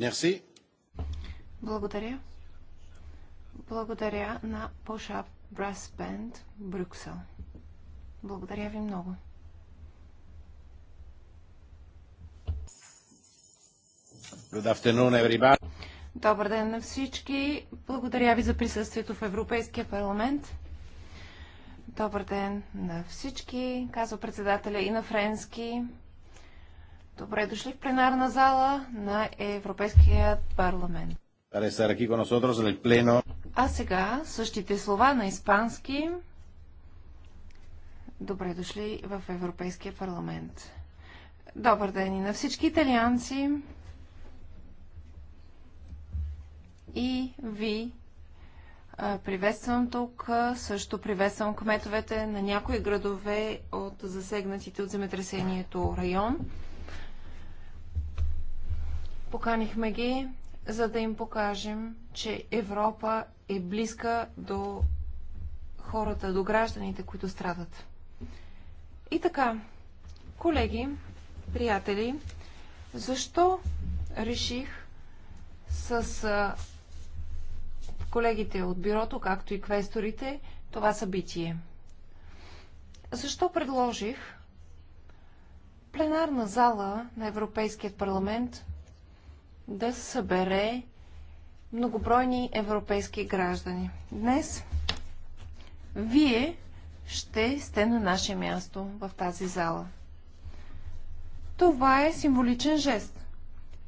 Мерси. Благодаря. Благодаря на Push-Up Brass Band Брюксел. Благодаря ви много. Добър ден на всички. Благодаря ви за присъствието в Европейския парламент. Добър ден на всички, казва председателя и на френски. Добре дошли в пленарна зала на Европейския парламент. А сега същите слова на испански. Добре дошли в Европейския парламент. Добър ден и на всички италианци. И ви приветствам тук. Също приветствам кметовете на някои градове от засегнатите от земетресението район. Поканихме ги, за да им покажем, че Европа е близка до хората, до гражданите, които страдат. И така, колеги, приятели, защо реших с колегите от бюрото, както и квесторите, това събитие? Защо предложих пленарна зала на Европейският парламент да събере многобройни европейски граждани. Днес вие ще сте на наше място в тази зала. Това е символичен жест,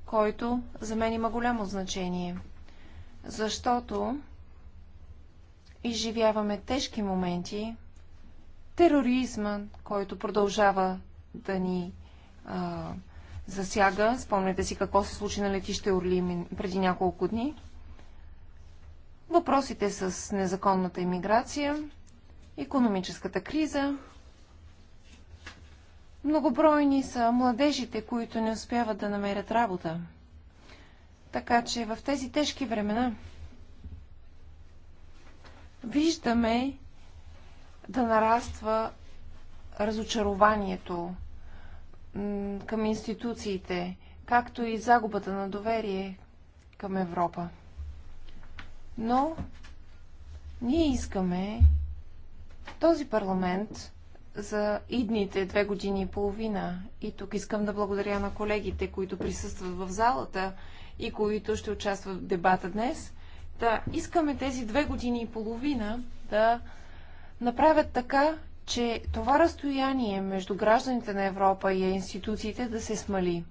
който за мен има голямо значение, защото изживяваме тежки моменти, тероризма, който продължава да ни а, засяга. Спомняте си какво се случи на летище Орли преди няколко дни. Въпросите с незаконната иммиграция, економическата криза. Многобройни са младежите, които не успяват да намерят работа. Така че в тези тежки времена виждаме да нараства разочарованието, към институциите, както и загубата на доверие към Европа. Но ние искаме този парламент за идните две години и половина. И тук искам да благодаря на колегите, които присъстват в залата и които ще участват в дебата днес. Да, искаме тези две години и половина да направят така, че това разстояние между гражданите на Европа и институциите да се смали.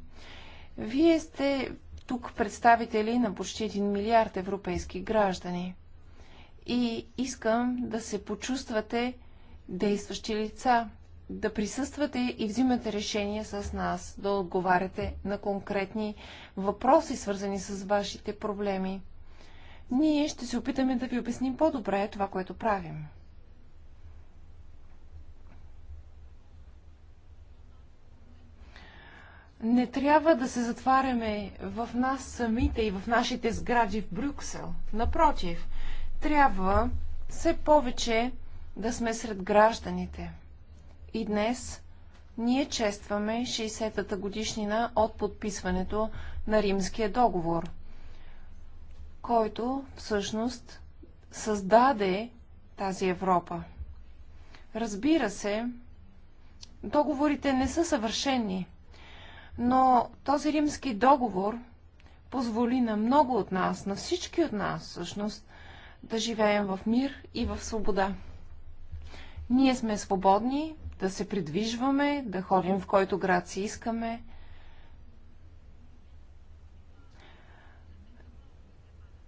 Вие сте тук представители на почти 1 милиард европейски граждани. И искам да се почувствате действащи лица, да присъствате и взимате решение с нас, да отговаряте на конкретни въпроси, свързани с вашите проблеми. Ние ще се опитаме да ви обясним по-добре това, което правим. Не трябва да се затваряме в нас самите и в нашите сгради в Брюксел. Напротив, трябва все повече да сме сред гражданите. И днес ние честваме 60-та годишнина от подписването на Римския договор, който всъщност създаде тази Европа. Разбира се, договорите не са съвършени. Но този римски договор позволи на много от нас, на всички от нас всъщност, да живеем в мир и в свобода. Ние сме свободни да се придвижваме, да ходим в който град си искаме.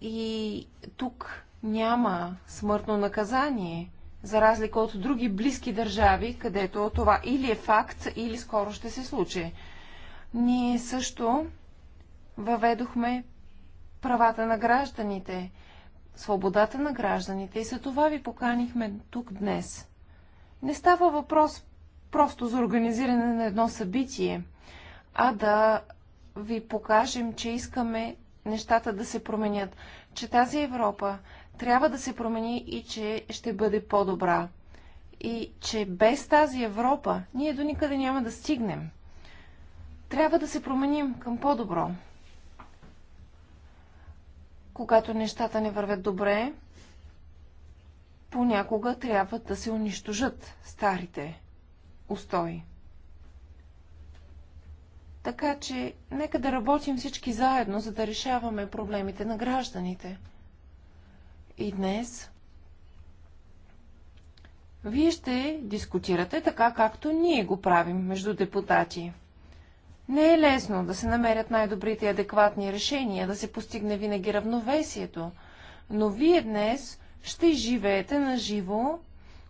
И тук няма смъртно наказание, за разлика от други близки държави, където това или е факт, или скоро ще се случи. Ние също въведохме правата на гражданите, свободата на гражданите и за това ви поканихме тук днес. Не става въпрос просто за организиране на едно събитие, а да ви покажем, че искаме нещата да се променят, че тази Европа трябва да се промени и че ще бъде по-добра. И че без тази Европа ние до никъде няма да стигнем. Трябва да се променим към по-добро. Когато нещата не вървят добре, понякога трябва да се унищожат старите устои. Така че, нека да работим всички заедно, за да решаваме проблемите на гражданите. И днес вие ще дискутирате така, както ние го правим между депутати. Не е лесно да се намерят най-добрите и адекватни решения, да се постигне винаги равновесието, но вие днес ще живеете на живо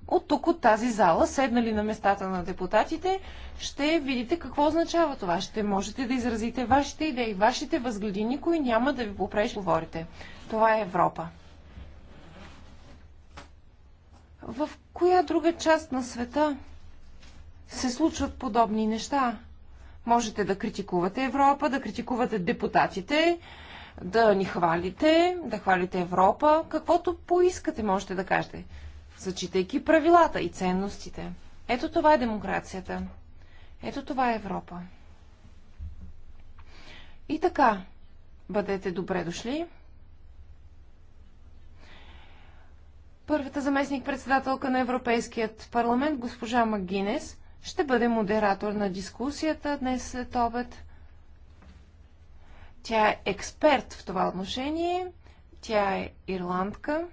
от тук, от тази зала, седнали на местата на депутатите, ще видите какво означава това. Ще можете да изразите вашите идеи, вашите възгледи. Никой няма да ви попреш говорите. Това е Европа. В коя друга част на света се случват подобни неща? Можете да критикувате Европа, да критикувате депутатите, да ни хвалите, да хвалите Европа, каквото поискате, можете да кажете, зачитайки правилата и ценностите. Ето това е демокрацията. Ето това е Европа. И така, бъдете добре дошли. Първата заместник-председателка на Европейският парламент, госпожа Магинес, ще бъде модератор на дискусията днес след обед. Тя е експерт в това отношение. Тя е ирландка.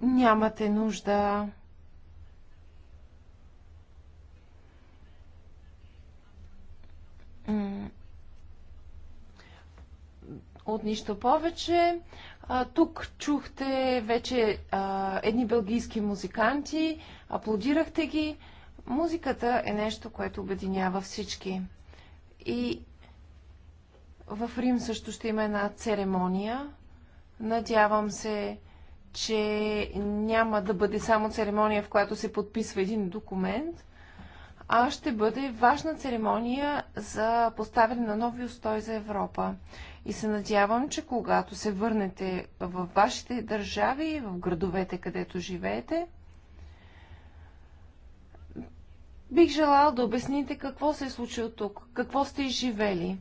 Нямате нужда от нищо повече. А, тук чухте вече а, едни белгийски музиканти, аплодирахте ги. Музиката е нещо, което обединява всички. И в Рим също ще има една церемония. Надявам се, че няма да бъде само церемония, в която се подписва един документ, а ще бъде важна церемония за поставяне на нови устой за Европа. И се надявам, че когато се върнете в вашите държави, в градовете, където живеете, бих желал да обясните какво се е случило тук, какво сте изживели,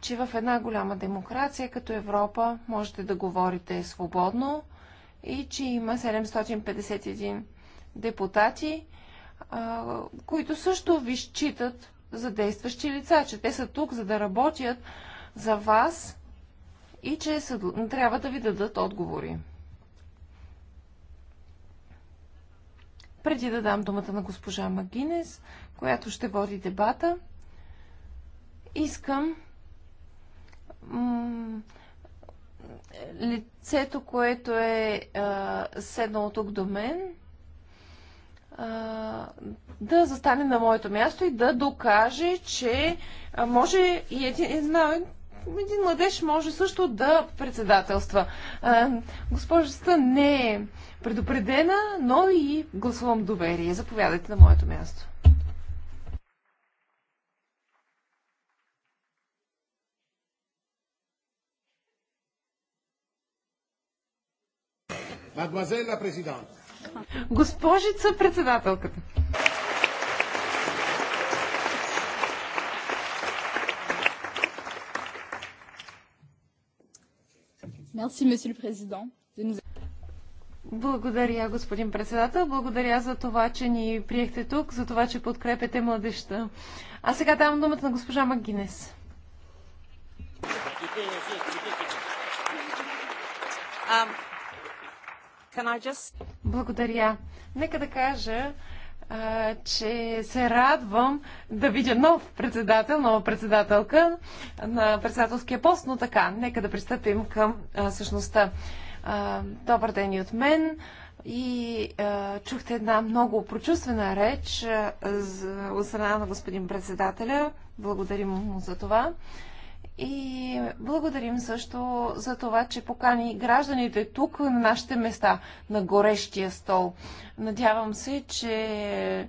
че в една голяма демокрация като Европа можете да говорите свободно и че има 751 депутати, които също ви считат за действащи лица, че те са тук, за да работят за вас и че трябва да ви дадат отговори. Преди да дам думата на госпожа Магинес, която ще води дебата, искам лицето, което е а, седнало тук до мен, да застане на моето място и да докаже, че може и един, една, един младеж може също да председателства. Госпожата не е предупредена, но и гласувам доверие. Заповядайте на моето място. Мадемуазела президент. Госпожица председателката. Мерси, месье президент. Благодаря, господин председател. Благодаря за това, че ни приехте тук, за това, че подкрепяте младеща. А сега давам думата на госпожа Магинес. Um, just... Благодаря. Нека да кажа, а, че се радвам да видя нов председател, нова председателка на председателския пост, но така, нека да пристъпим към а, същността. А, добър ден и от мен. И а, чухте една много прочувствена реч а, за, от страна на господин председателя. Благодарим му за това. А, и благодарим също за това, че покани гражданите тук на нашите места, на горещия стол. Надявам се, че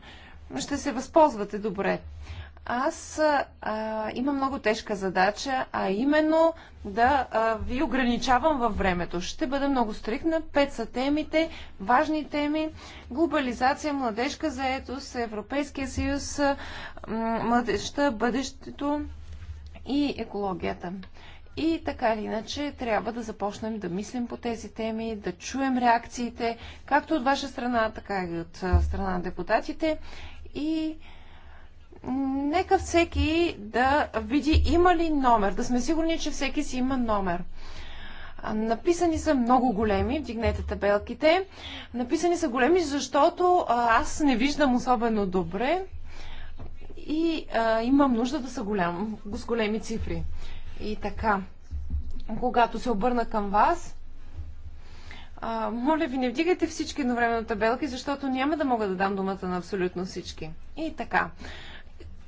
ще се възползвате добре. Аз а, имам много тежка задача, а именно да а, ви ограничавам във времето. Ще бъда много стрикна. Пет са темите, важни теми. Глобализация, младежка заетост, Европейския съюз, младежта, бъдещето, и екологията. И така или иначе трябва да започнем да мислим по тези теми, да чуем реакциите, както от ваша страна, така и от страна на депутатите. И нека всеки да види има ли номер, да сме сигурни, че всеки си има номер. Написани са много големи, вдигнете табелките. Написани са големи, защото аз не виждам особено добре и а, имам нужда да са голям, с големи цифри. И така, когато се обърна към вас, а, моля ви, не вдигайте всички едновременно табелки, защото няма да мога да дам думата на абсолютно всички. И така,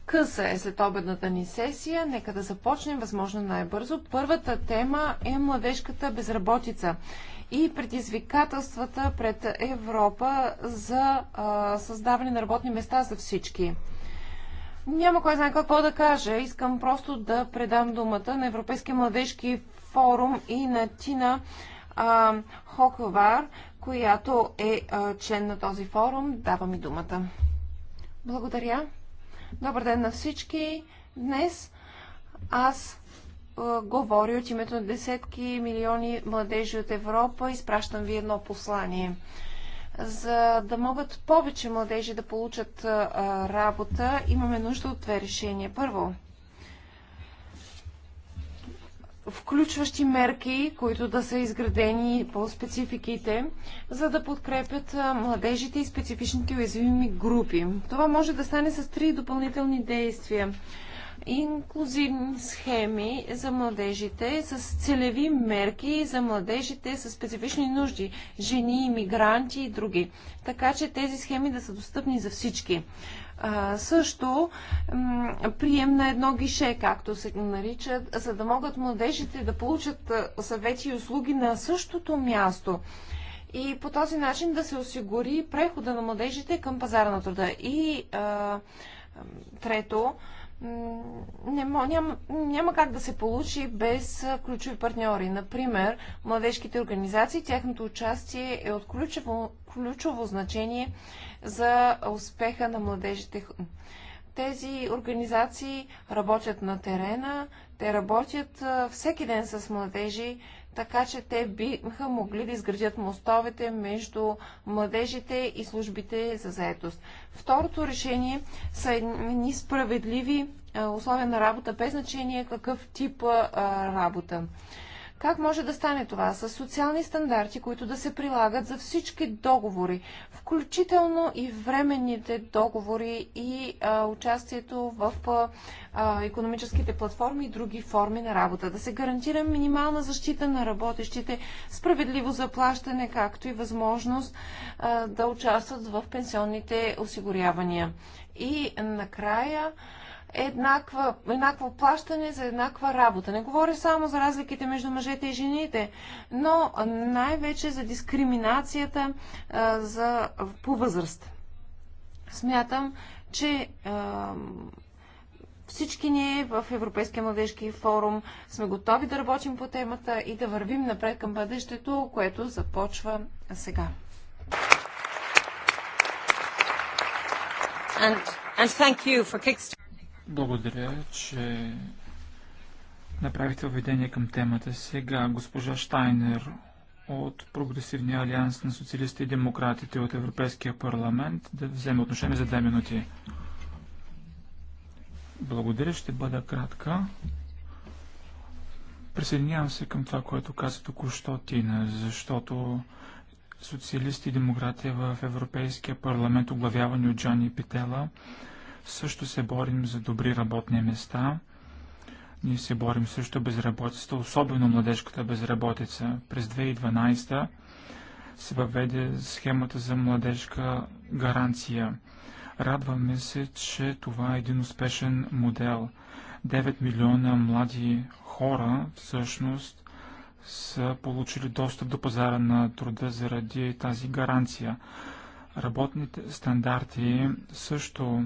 къса е след обедната ни сесия. Нека да започнем, възможно най-бързо. Първата тема е младежката безработица и предизвикателствата пред Европа за а, създаване на работни места за всички. Няма кой знае какво да кажа. Искам просто да предам думата на Европейския младежки форум и на Тина а, Хоковар, която е а, член на този форум. Дава ми думата. Благодаря. Добър ден на всички. Днес аз а, говоря от името на десетки милиони младежи от Европа. Изпращам ви едно послание. За да могат повече младежи да получат работа, имаме нужда от две решения. Първо, включващи мерки, които да са изградени по спецификите, за да подкрепят младежите и специфичните уязвими групи. Това може да стане с три допълнителни действия инклюзивни схеми за младежите с целеви мерки за младежите с специфични нужди, жени, иммигранти и други. Така че тези схеми да са достъпни за всички. А, също прием на едно гише, както се наричат, за да могат младежите да получат съвети и услуги на същото място и по този начин да се осигури прехода на младежите към пазара на труда. И а, трето, не, няма, няма как да се получи без ключови партньори. Например, младежките организации, тяхното участие е от ключово, ключово значение за успеха на младежите. Тези организации работят на терена, те работят всеки ден с младежи, така че те биха могли да изградят мостовете между младежите и службите за заетост. Второто решение са едни справедливи условия на работа, без значение какъв тип работа. Как може да стане това? С социални стандарти, които да се прилагат за всички договори, включително и временните договори и а, участието в а, економическите платформи и други форми на работа. Да се гарантира минимална защита на работещите, справедливо заплащане, както и възможност а, да участват в пенсионните осигурявания. И накрая еднаква, еднакво плащане за еднаква работа. Не говоря само за разликите между мъжете и жените, но най-вече за дискриминацията а, за, по възраст. Смятам, че а, всички ние в Европейския младежки форум сме готови да работим по темата и да вървим напред към бъдещето, което започва сега. And, and благодаря, че направихте введение към темата. Сега госпожа Штайнер от Прогресивния алианс на социалистите и демократите от Европейския парламент да вземе отношение за две минути. Благодаря, ще бъда кратка. Присъединявам се към това, което каза току-що Тина, защото социалисти и демократи в Европейския парламент, оглавявани от Джани Питела, също се борим за добри работни места. Ние се борим също безработицата, особено младежката безработица. През 2012 се въведе схемата за младежка гаранция. Радваме се, че това е един успешен модел. 9 милиона млади хора всъщност са получили достъп до пазара на труда заради тази гаранция. Работните стандарти също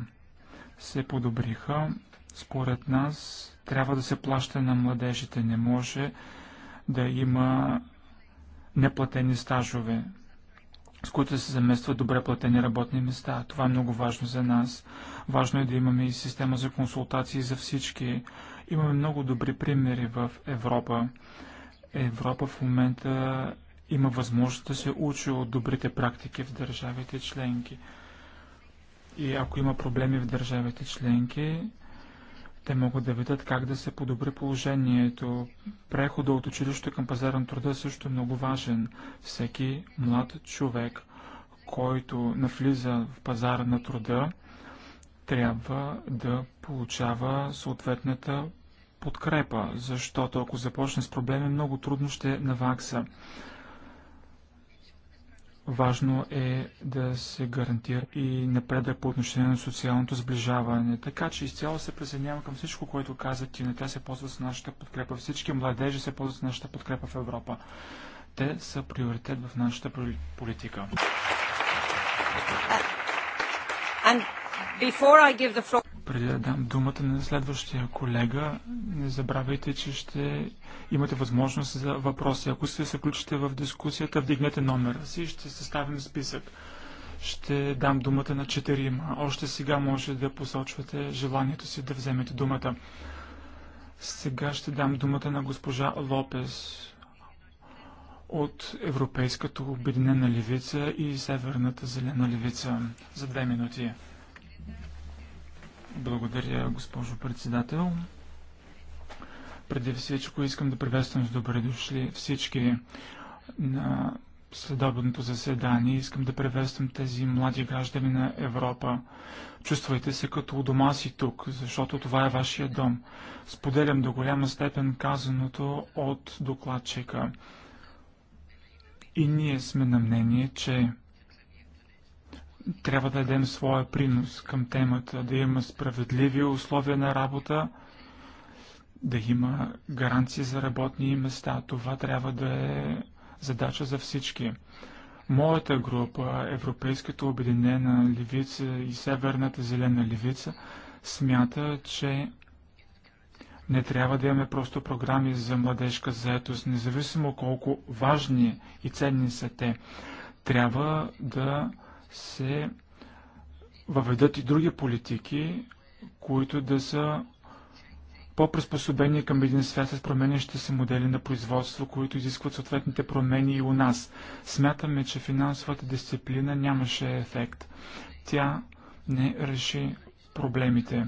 се подобриха. Според нас трябва да се плаща на младежите. Не може да има неплатени стажове, с които се заместват добре платени работни места. Това е много важно за нас. Важно е да имаме и система за консултации за всички. Имаме много добри примери в Европа. Европа в момента има възможност да се учи от добрите практики в държавите членки. И ако има проблеми в държавите членки, те могат да видят как да се подобри положението. Прехода от училище към пазарен на труда е също е много важен. Всеки млад човек, който навлиза в пазара на труда, трябва да получава съответната подкрепа, защото ако започне с проблеми, много трудно ще навакса. Важно е да се гарантира и напредък по отношение на социалното сближаване. Така че изцяло се присъединявам към всичко, което каза ти. Тя се ползва с нашата подкрепа. Всички младежи се ползват с нашата подкрепа в Европа. Те са приоритет в нашата политика. Floor... Преди да дам думата на следващия колега, не забравяйте, че ще имате възможност за въпроси. Ако се включите в дискусията, вдигнете номера си и ще съставим списък. Ще дам думата на четирима. Още сега може да посочвате желанието си да вземете думата. Сега ще дам думата на госпожа Лопес от Европейската обединена левица и Северната зелена левица за две минути. Благодаря, госпожо председател. Преди всичко искам да приветствам с добре дошли всички на следобедното заседание. Искам да приветствам тези млади граждани на Европа. Чувствайте се като у дома си тук, защото това е вашия дом. Споделям до голяма степен казаното от докладчика. И ние сме на мнение, че трябва да дадем своя принос към темата, да има справедливи условия на работа, да има гаранции за работни места. Това трябва да е задача за всички. Моята група, Европейската обединена левица и Северната зелена левица, смята, че не трябва да имаме просто програми за младежка заетост, независимо колко важни и ценни са те. Трябва да се въведат и други политики, които да са по-приспособени към един свят с променящи се модели на производство, които изискват съответните промени и у нас. Смятаме, че финансовата дисциплина нямаше ефект. Тя не реши проблемите.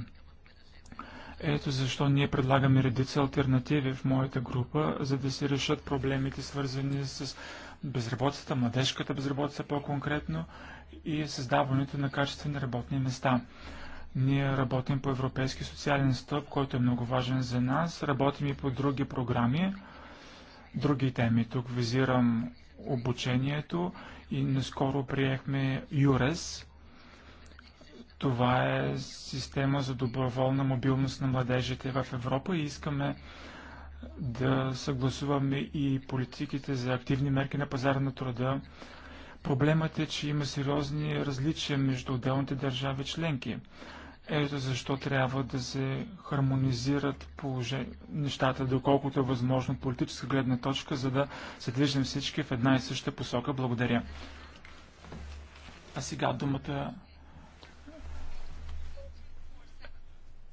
Ето защо ние предлагаме редица альтернативи в моята група, за да се решат проблемите, свързани с безработицата, младежката безработица по-конкретно и създаването на качествени работни места. Ние работим по Европейски социален стъп, който е много важен за нас. Работим и по други програми, други теми. Тук визирам обучението и наскоро приехме ЮРЕС. Това е система за доброволна мобилност на младежите в Европа и искаме да съгласуваме и политиките за активни мерки на пазара на труда Проблемът е, че има сериозни различия между отделните държави членки. Ето защо трябва да се хармонизират нещата, доколкото е възможно политическа гледна точка, за да се движим всички в една и съща посока. Благодаря. А сега думата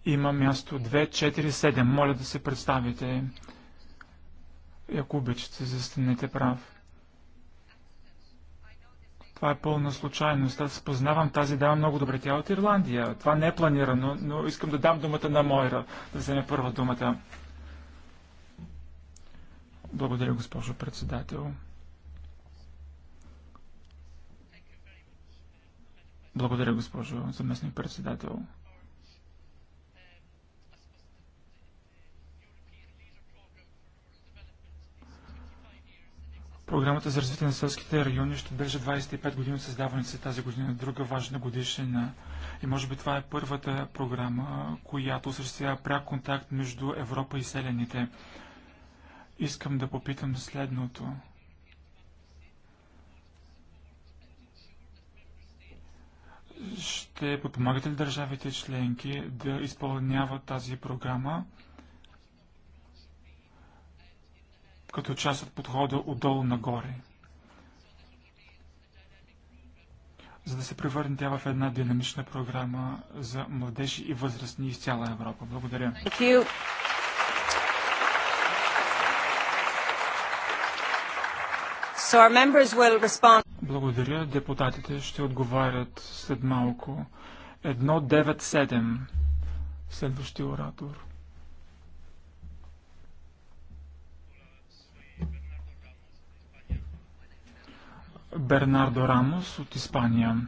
има място 247. Моля да се представите. ако обичате, застанете прав. Това е пълна случайност. Аз познавам тази дама много добре. Тя е от Ирландия. Това не е планирано, но искам да дам думата на Мойра, да вземе първа думата. Благодаря, госпожо председател. Благодаря, госпожо заместник председател. Програмата за развитие на селските райони ще беше 25 години създаване си тази година, друга важна годишнина. И може би това е първата програма, която осъществява пряк контакт между Европа и селените. Искам да попитам следното. Ще подпомагате ли държавите членки да изпълняват тази програма? като част от подхода отдолу нагоре. за да се превърне тя в една динамична програма за младежи и възрастни из цяла Европа. Благодаря. So Благодаря. Депутатите ще отговарят след малко. 197. Следващия оратор. Бернардо Рамос от Испания,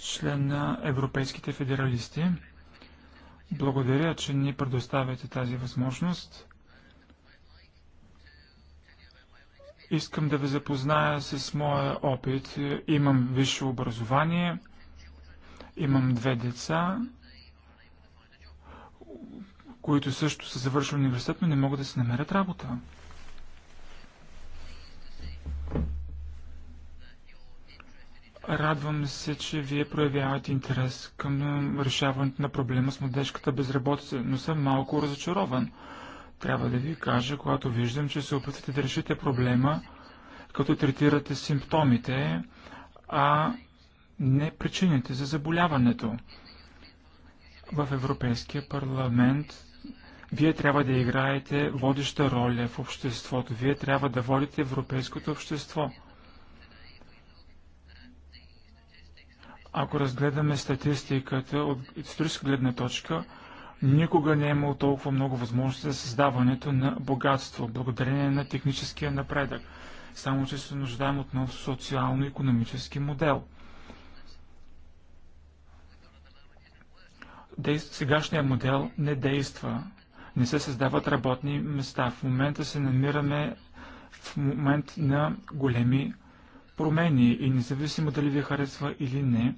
член на Европейските федералисти. Благодаря, че ни предоставяте тази възможност. Искам да ви запозная с моя опит. Имам висше образование, имам две деца, които също са завършили университет, но не могат да си намерят работа. Радвам се, че вие проявявате интерес към е, решаването на проблема с младежката безработица, но съм малко разочарован. Трябва да ви кажа, когато виждам, че се опитвате да решите проблема, като третирате симптомите, а не причините за заболяването. В Европейския парламент вие трябва да играете водеща роля в обществото. Вие трябва да водите европейското общество – Ако разгледаме статистиката от историческа гледна точка, никога не е имало толкова много възможности за създаването на богатство, благодарение на техническия напредък. Само, че се нуждаем от нов социално-економически модел. Действ... Сегашният модел не действа. Не се създават работни места. В момента се намираме в момент на големи промени и независимо дали ви харесва или не,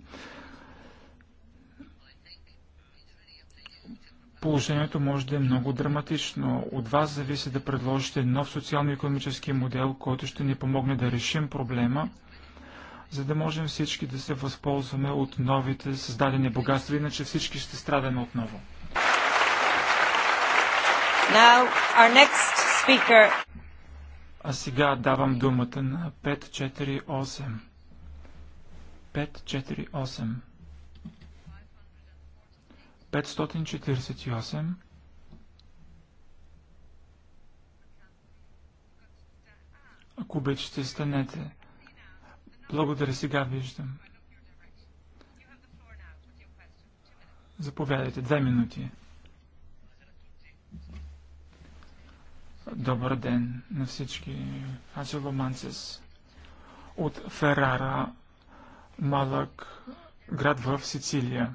положението може да е много драматично. От вас зависи да предложите нов социално-економически модел, който ще ни помогне да решим проблема, за да можем всички да се възползваме от новите създадени богатства, иначе всички ще страдаме отново. Now, our next speaker. А сега давам думата на 548. 548. 548. Ако обичате, станете. Благодаря, сега виждам. Заповядайте, две минути. Добър ден на всички. Аз е от Ферара, малък град в Сицилия.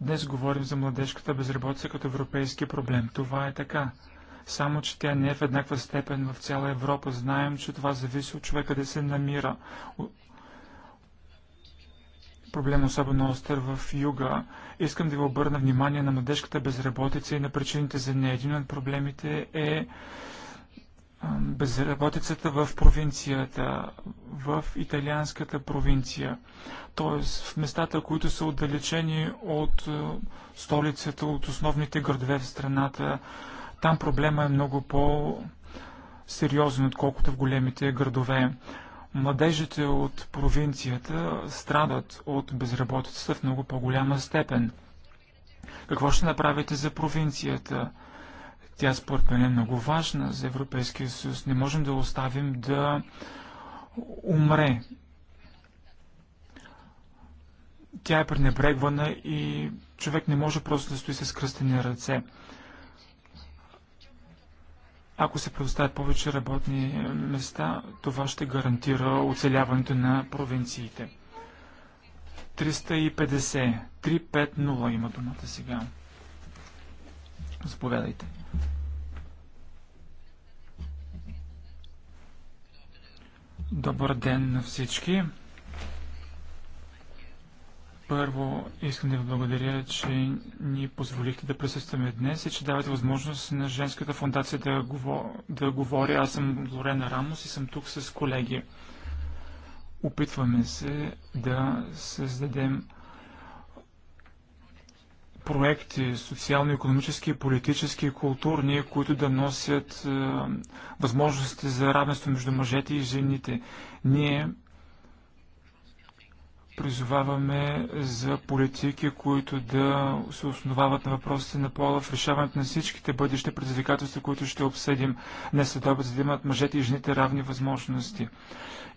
Днес говорим за младежката безработица като европейски проблем. Това е така. Само, че тя не е в еднаква степен в цяла Европа. Знаем, че това зависи от човека да се намира, проблем особено остър в юга. Искам да ви обърна внимание на младежката безработица и на причините за нея. Един от проблемите е безработицата в провинцията, в италианската провинция, т.е. в местата, които са отдалечени от столицата, от основните градове в страната. Там проблема е много по-сериозен, отколкото в големите градове. Младежите от провинцията страдат от безработицата в много по-голяма степен. Какво ще направите за провинцията? Тя според мен е много важна за Европейския съюз. Не можем да оставим да умре. Тя е пренебрегвана и човек не може просто да стои с кръстени ръце. Ако се предоставят повече работни места, това ще гарантира оцеляването на провинциите. 350. 350 има думата сега. Заповядайте. Добър ден на всички. Първо, искам да ви благодаря, че ни позволихте да присъстваме днес и че давате възможност на Женската фундация да, говор... да говори. Аз съм Лорена Рамос и съм тук с колеги. Опитваме се да създадем проекти, социално-економически, политически и културни, които да носят е, възможности за равенство между мъжете и жените. Ние Призоваваме за политики, които да се основават на въпросите на пола в решаването на всичките бъдещи предизвикателства, които ще обсъдим днес след обед, за да имат мъжете и жените равни възможности.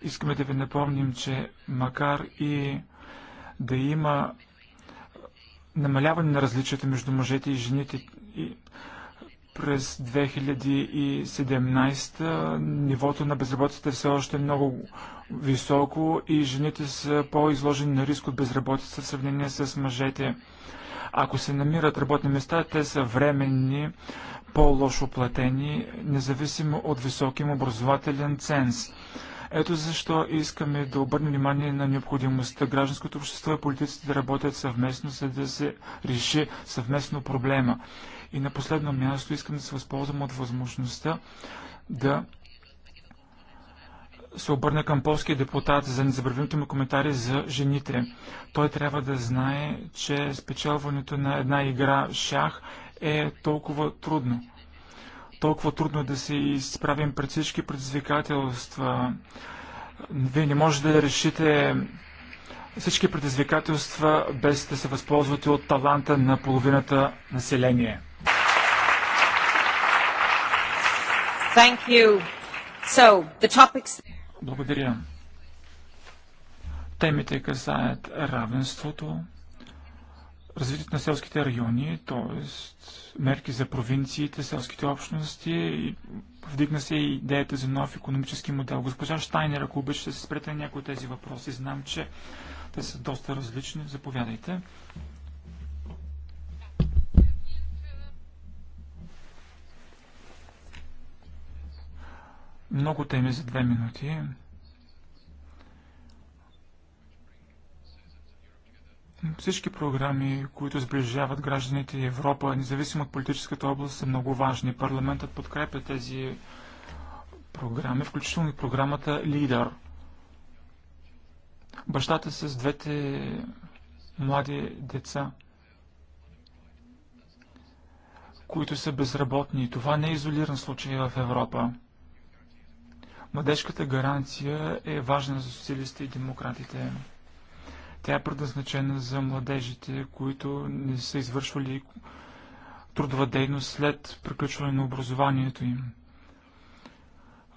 Искаме да ви напомним, че макар и да има намаляване на различията между мъжете и жените, и през 2017 нивото на безработицата е все още е много високо и жените са по-изложени на риск от безработица в сравнение с мъжете. Ако се намират работни места, те са временни, по-лошо платени, независимо от високия образователен ценз. Ето защо искаме да обърнем внимание на необходимостта гражданското общество и политиците да работят съвместно, за да се реши съвместно проблема. И на последно място искам да се възползвам от възможността да се обърна към полския депутат за незабравимите му коментари за жените. Той трябва да знае, че спечелването на една игра шах е толкова трудно. Толкова трудно да се изправим пред всички предизвикателства. Вие не можете да решите всички предизвикателства без да се възползвате от таланта на половината население. Thank you. So, the topics... Благодаря. Темите касаят равенството, развитието на селските райони, т.е. мерки за провинциите, селските общности и вдигна се и идеята за нов економически модел. Госпожа Штайнер, ако обичате, се спрете на някои от тези въпроси. Знам, че те са доста различни. Заповядайте. Много теми за две минути. Всички програми, които сближават гражданите и Европа, независимо от политическата област, са много важни. Парламентът подкрепя тези програми, включително и програмата Лидер. Бащата с двете млади деца, които са безработни. Това не е изолиран случай в Европа. Младежката гаранция е важна за социалистите и демократите. Тя е предназначена за младежите, които не са извършвали трудова дейност след приключване на образованието им.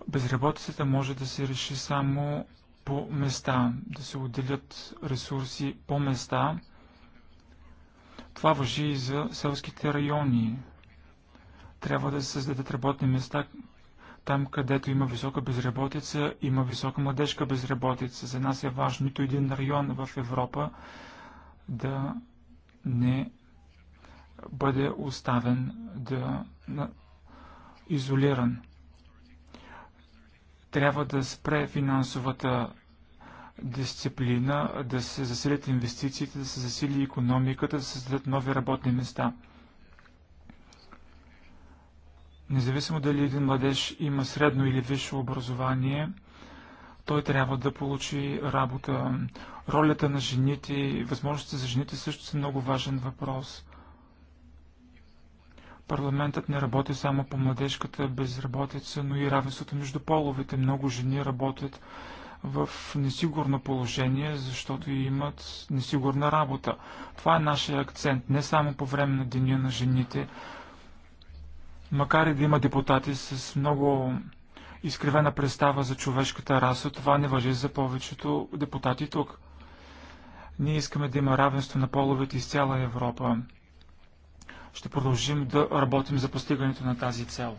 Безработицата може да се реши само по места, да се отделят ресурси по места. Това въжи и за селските райони. Трябва да се създадат работни места там, където има висока безработица, има висока младежка безработица. За нас е важно нито един район в Европа да не бъде оставен, да изолиран. Трябва да спре финансовата дисциплина, да се засилят инвестициите, да се засили економиката, да се създадат нови работни места – Независимо дали един младеж има средно или висше образование, той трябва да получи работа. Ролята на жените и възможностите за жените също са много важен въпрос. Парламентът не работи само по младежката безработица, но и равенството между половете. Много жени работят в несигурно положение, защото имат несигурна работа. Това е нашия акцент, не само по време на Деня на жените, Макар и да има депутати с много изкривена представа за човешката раса, това не въжи за повечето депутати тук. Ние искаме да има равенство на половете из цяла Европа. Ще продължим да работим за постигането на тази цел.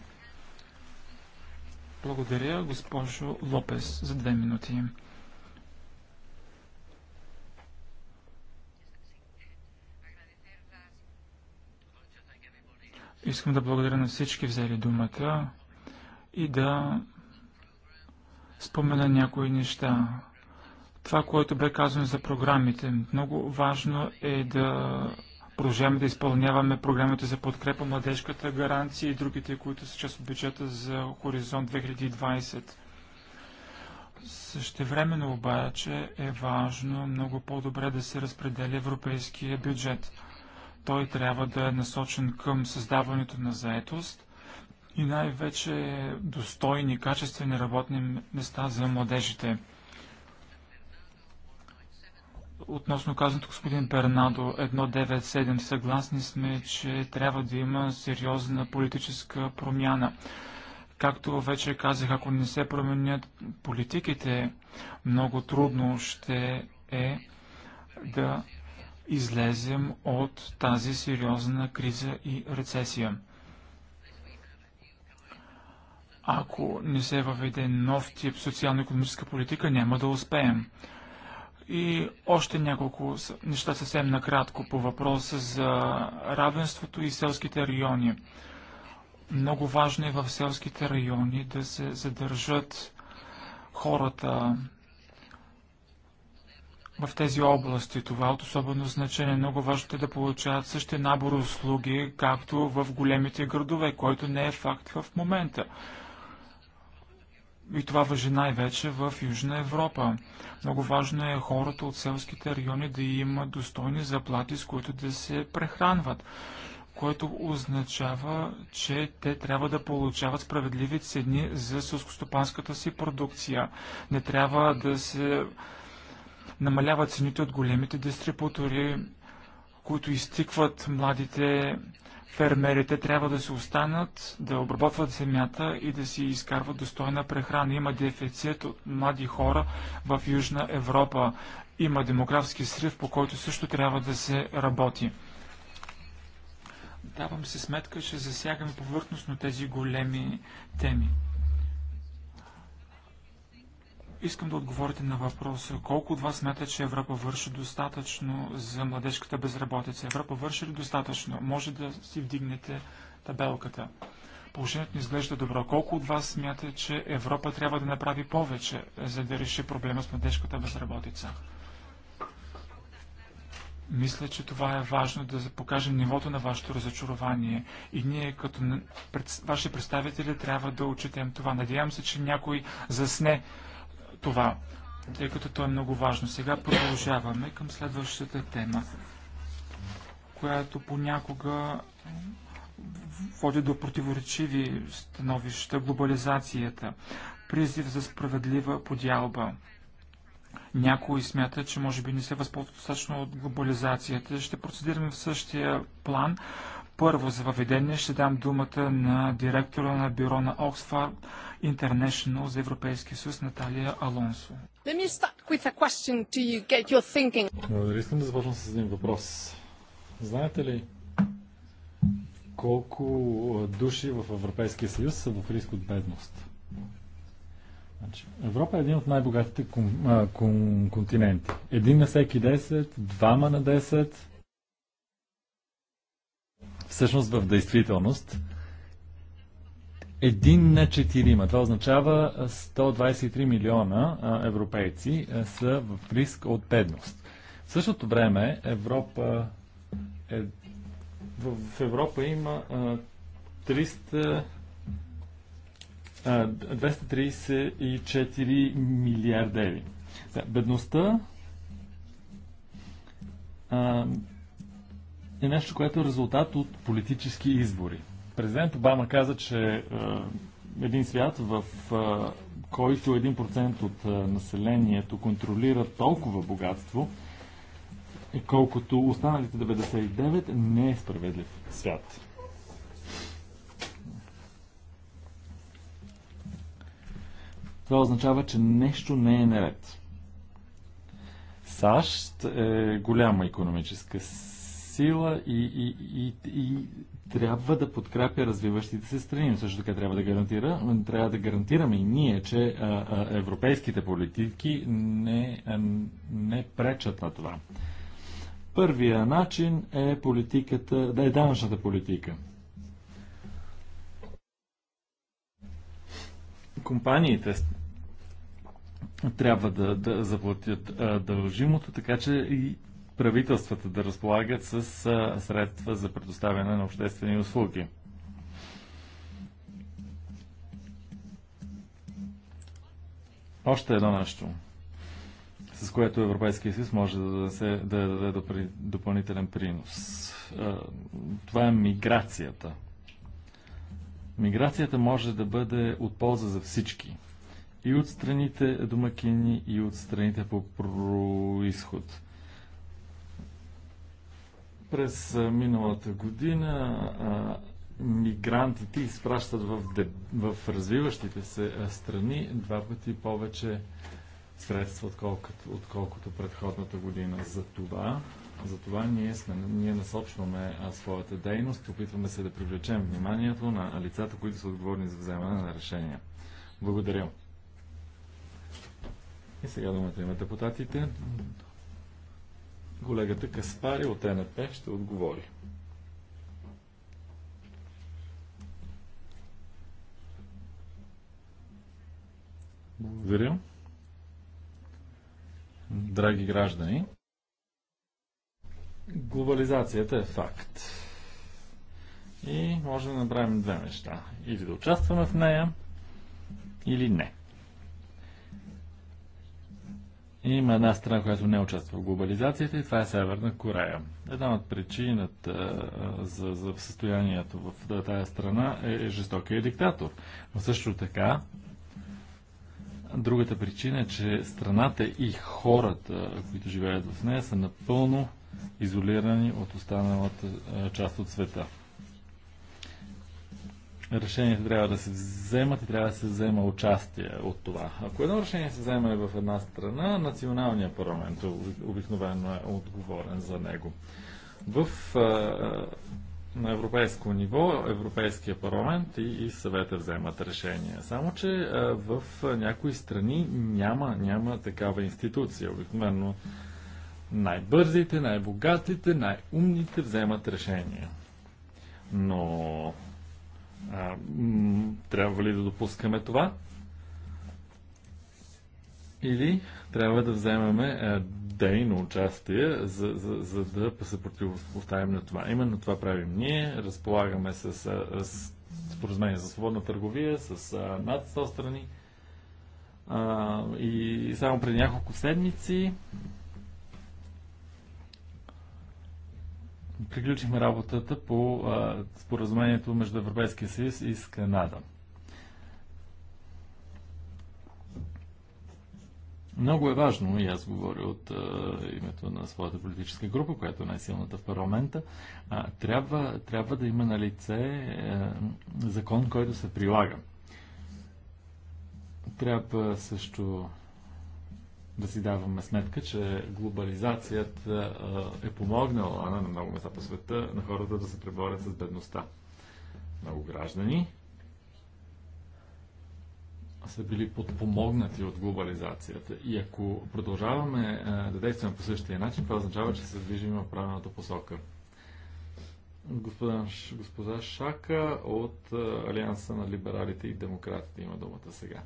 Благодаря, госпожо Лопес, за две минути. Искам да благодаря на всички взели думата и да спомена някои неща. Това, което бе казано за програмите, много важно е да продължаваме да изпълняваме програмите за подкрепа, младежката гаранция и другите, които са част от бюджета за Хоризонт 2020. Същевременно обаче е важно много по-добре да се разпределя европейския бюджет – той трябва да е насочен към създаването на заетост и най-вече достойни, качествени работни места за младежите. Относно казаното господин Бернадо 197, съгласни сме, че трябва да има сериозна политическа промяна. Както вече казах, ако не се променят политиките, много трудно ще е да излезем от тази сериозна криза и рецесия. Ако не се въведе нов тип социално-економическа политика, няма да успеем. И още няколко неща съвсем накратко по въпроса за равенството и селските райони. Много важно е в селските райони да се задържат хората в тези области. Това е от особено значение. Много важно е да получават същия набор услуги, както в големите градове, който не е факт в момента. И това въжи най-вече в Южна Европа. Много важно е хората от селските райони да имат достойни заплати, с които да се прехранват, което означава, че те трябва да получават справедливи цени за селскостопанската си продукция. Не трябва да се намалява цените от големите дистрибутори, които изтикват младите фермерите трябва да се останат, да обработват земята и да си изкарват достойна прехрана. Има дефицит от млади хора в Южна Европа. Има демографски срив, по който също трябва да се работи. Давам се сметка, че засягаме повърхностно тези големи теми. Искам да отговорите на въпроса. Колко от вас смятат, че Европа върши достатъчно за младежката безработица? Европа върши ли достатъчно? Може да си вдигнете табелката. Положението не изглежда добро. Колко от вас смятате, че Европа трябва да направи повече, за да реши проблема с младежката безработица? Мисля, че това е важно да покажем нивото на вашето разочарование. И ние, като ваши представители, трябва да отчетем това. Надявам се, че някой засне това, тъй като то е много важно. Сега продължаваме към следващата тема, която понякога води до противоречиви становища глобализацията, призив за справедлива подялба. Някои смятат, че може би не се възползват достатъчно от глобализацията. Ще процедираме в същия план, първо за въведение ще дам думата на директора на бюро на Оксфар International за Европейския съюз Наталия Алонсо. Благодаря, искам да започна с един въпрос. Знаете ли колко души в Европейския съюз са в риск от бедност? Значи, Европа е един от най-богатите кон, кон, континенти. Един на всеки 10, двама на 10 Всъщност в действителност един на четирима. Това означава 123 милиона европейци са в риск от бедност. В същото време Европа е, в Европа има 300 234 милиардери. Бедността е нещо, което е резултат от политически избори. Президент Обама каза, че е, един свят, в е, който 1% от е, населението контролира толкова богатство, е колкото останалите 99 не е справедлив свят. Това означава, че нещо не е наред. САЩ е голяма економическа сила и, и, и, и трябва да подкрепя развиващите се страни. Но също така трябва да, гарантира, трябва да гарантираме и ние, че а, а, европейските политики не, а, не пречат на това. Първия начин е политиката, да е данъчната политика. Компаниите трябва да, да заплатят а, дължимото, така че и правителствата да разполагат с средства за предоставяне на обществени услуги. Още едно нещо, с което Европейския съюз може да, даде, да даде допълнителен принос. Това е миграцията. Миграцията може да бъде от полза за всички. И от страните домакини, и от страните по происход. През миналата година а, мигрантите изпращат в, в развиващите се страни два пъти повече средства, отколкото, отколкото предходната година. За това, за това ние, сме, ние насочваме а, своята дейност, опитваме се да привлечем вниманието на лицата, които са отговорни за вземане на решения. Благодаря. И сега думата има депутатите. Колегата Каспари от НП ще отговори. Благодаря. Драги граждани, глобализацията е факт. И можем да направим две неща. Или да участваме в нея, или не. Има една страна, която не участва в глобализацията и това е Северна Корея. Една от причината за, за състоянието в тази страна е, е жестокия диктатор. Но също така, другата причина е, че страната и хората, които живеят в нея, са напълно изолирани от останалата част от света решенията трябва да се вземат и трябва да се взема участие от това. Ако едно решение се вземе в една страна, националният парламент обикновено е отговорен за него. В, на европейско ниво Европейския парламент и, и съвета вземат решения. Само, че в някои страни няма, няма такава институция. Обикновено най-бързите, най-богатите, най-умните вземат решения. Но а, трябва ли да допускаме това? Или трябва да вземаме дейно участие, за, за, за да се противопоставим на това. Именно това правим ние. Разполагаме с, с споразумение за свободна търговия с а, над 100 страни. А, и само преди няколко седмици приключихме работата по а, споразумението между Европейския съюз и с Канада. Много е важно, и аз говоря от а, името на своята политическа група, която е най-силната в парламента, а, трябва, трябва да има на лице а, е, закон, който се прилага. Трябва също да си даваме сметка, че глобализацията е помогнала на много места по света на хората да се преборят с бедността. Много граждани са били подпомогнати от глобализацията. И ако продължаваме да действаме по същия начин, това означава, че се движим в правилната посока. Господа, госпожа Шака от Алианса на либералите и демократите има думата сега.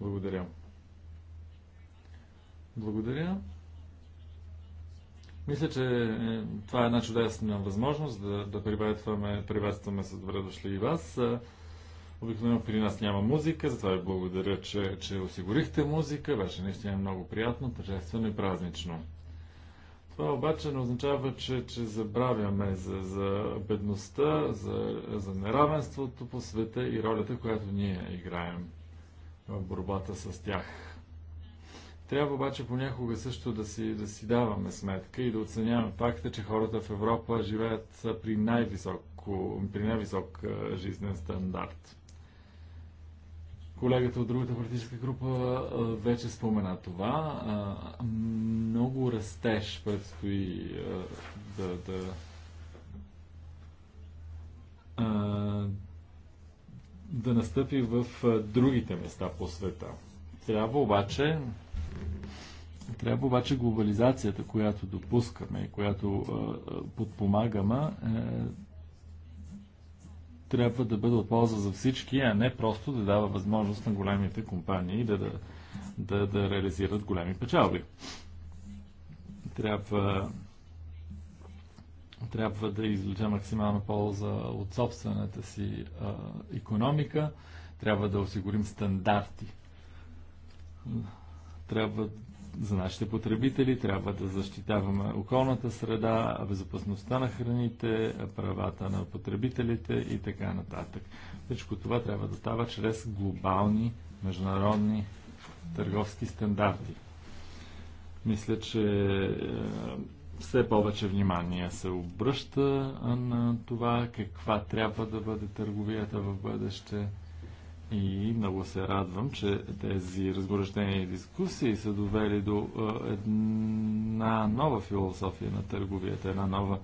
Благодаря. Благодаря. Мисля, че е, това е една чудесна възможност да, да приветстваме, приветстваме с добре дошли и вас. Е, обикновено при нас няма музика, затова ви благодаря, че, че осигурихте музика. Беше наистина много приятно, тържествено и празнично. Това обаче не означава, че, че забравяме за, за бедността, за, за неравенството по света и ролята, която ние играем в борбата с тях. Трябва обаче понякога също да си, да си даваме сметка и да оценяваме факта, че хората в Европа живеят при най-висок при най-висок жизнен стандарт. Колегата от другата политическа група вече спомена това. Много растеж предстои да, да да настъпи в другите места по света. Трябва обаче трябва обаче глобализацията, която допускаме и която подпомагаме, е, трябва да бъде от полза за всички, а не просто да дава възможност на големите компании да, да, да, да реализират големи печалби. Трябва, трябва да извлече максимална полза от собствената си е, економика, трябва да осигурим стандарти трябва за нашите потребители, трябва да защитаваме околната среда, безопасността на храните, правата на потребителите и така нататък. Всичко това трябва да става чрез глобални международни търговски стандарти. Мисля, че е, все повече внимание се обръща на това каква трябва да бъде търговията в бъдеще и много се радвам, че тези и дискусии са довели до една нова философия на търговията, една нова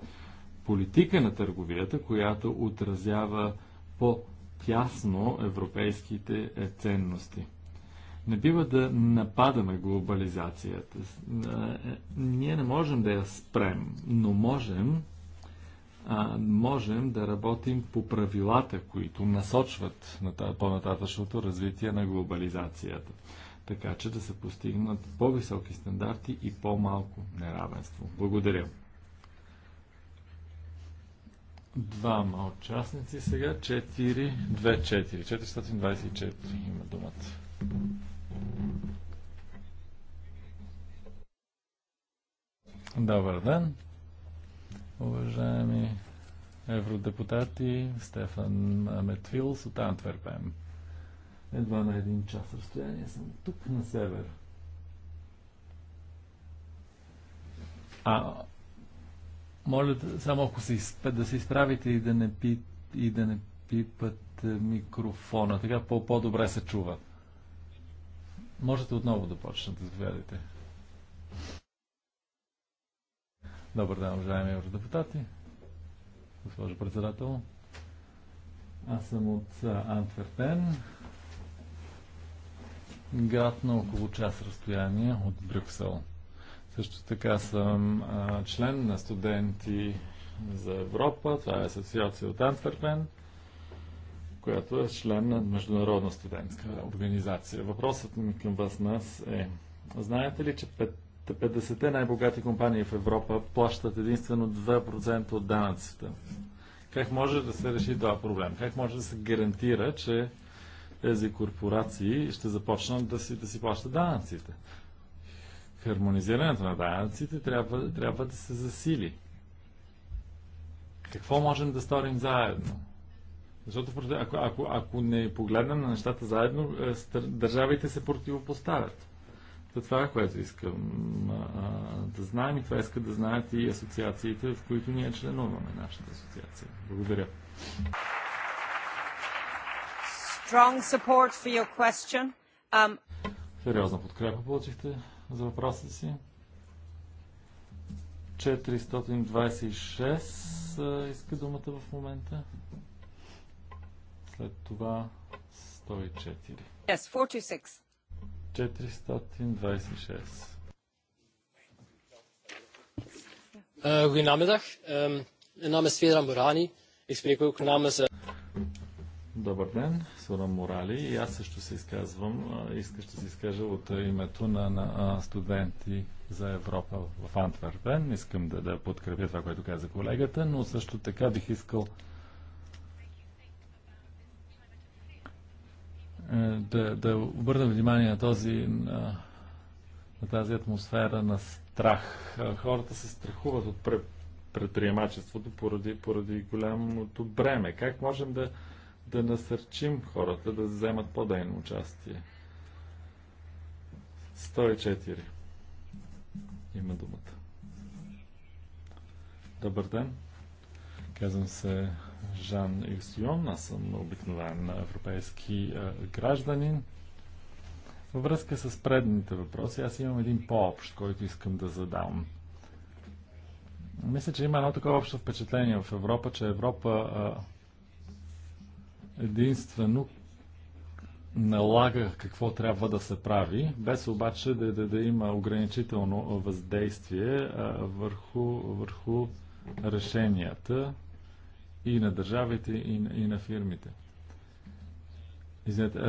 политика на търговията, която отразява по-тясно европейските е, ценности. Не бива да нападаме глобализацията. Е, ние не можем да я спрем, но можем а, можем да работим по правилата, които насочват на по-нататъчното развитие на глобализацията, така че да се постигнат по-високи стандарти и по-малко неравенство. Благодаря. Двама участници сега, 4, 2, 4, 424 има думата. Добър ден уважаеми евродепутати, Стефан Метвилс от Антверпен. Едва на един час разстояние съм тук на север. А, моля, само ако се изп... да се изправите и да не, пи... и да не пипат е, микрофона, така по-добре -по се чува. Можете отново да почнете, заповядайте. Да Добър ден, уважаеми евродепутати. Госпожо председател, аз съм от Антверпен. Град на около час разстояние от Брюксел. Също така съм а, член на студенти за Европа. Това е асоциация от Антверпен, която е член на международна студентска организация. Въпросът ми към вас нас е Знаете ли, че 50-те най-богати компании в Европа плащат единствено 2% от данъците. Как може да се реши това проблем? Как може да се гарантира, че тези корпорации ще започнат да си, да си плащат данъците? Хармонизирането на данъците трябва, трябва да се засили. Какво можем да сторим заедно? Защото ако, ако, ако не погледнем на нещата заедно, е, държавите се противопоставят. Та това е което искам а, да знаем и това искат да знаят и асоциациите, в които ние членуваме нашата асоциация. Благодаря. Strong support for your question. Um... Сериозна подкрепа получихте за въпроса си. 426 иска думата в момента. След това 104. Yes, 426. Uh, goedemiddag. Um, mijn naam is Vedran Morani. Ik spreek ook namens... Uh... Добър ден, Сурам Морали. И аз също се изказвам. Искаш да се изкажа от името на, на студенти за Европа в Антверпен. Искам да, да подкрепя това, което каза колегата, но също така бих искал Е, да, да обърнем внимание на, този, на, на тази атмосфера на страх. Е, хората се страхуват от предприемачеството поради, поради голямото бреме. Как можем да, да насърчим хората да вземат по-дейно участие? 104. Има думата. Добър ден. Казвам се Жан Юсион, аз съм обикновен европейски е, гражданин. Във връзка с предните въпроси, аз имам един по-общ, който искам да задам. Мисля, че има едно такова общо впечатление в Европа, че Европа е, единствено налага какво трябва да се прави, без обаче да, да, да има ограничително въздействие а, върху, върху решенията и на държавите, и на, и на фирмите. Извинете,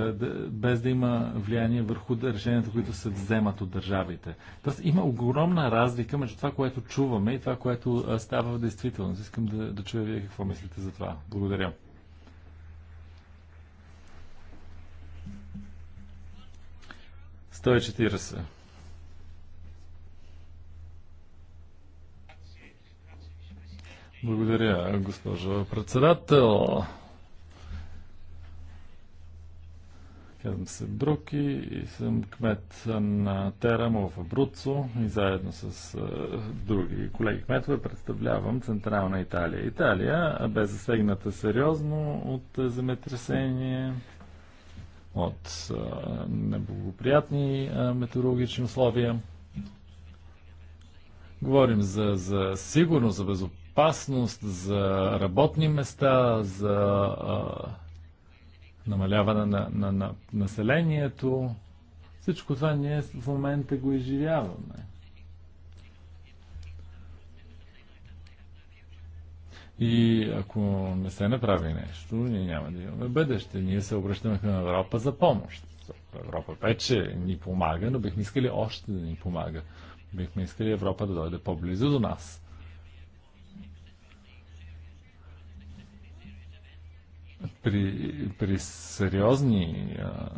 без да има влияние върху решенията, които се вземат от държавите. Тоест има огромна разлика между това, което чуваме и това, което става в действителност. Искам да, да чуя вие какво мислите за това. Благодаря. Сто 140. Благодаря, госпожо председател. Казвам се Бруки и съм кмет на Терамо в Абруцо и заедно с други колеги кметове представлявам Централна Италия. Италия бе засегната сериозно от земетресение, от неблагоприятни метеорологични условия. Говорим за, за сигурност, за безопасност безопасност, за работни места, за а, намаляване на, на, на населението. Всичко това ние в момента го изживяваме. И ако не се направи нещо, ние няма да имаме бъдеще. Ние се обръщаме към Европа за помощ. Европа вече ни помага, но бихме искали още да ни помага. Бихме искали Европа да дойде по-близо до нас. при, при сериозни а,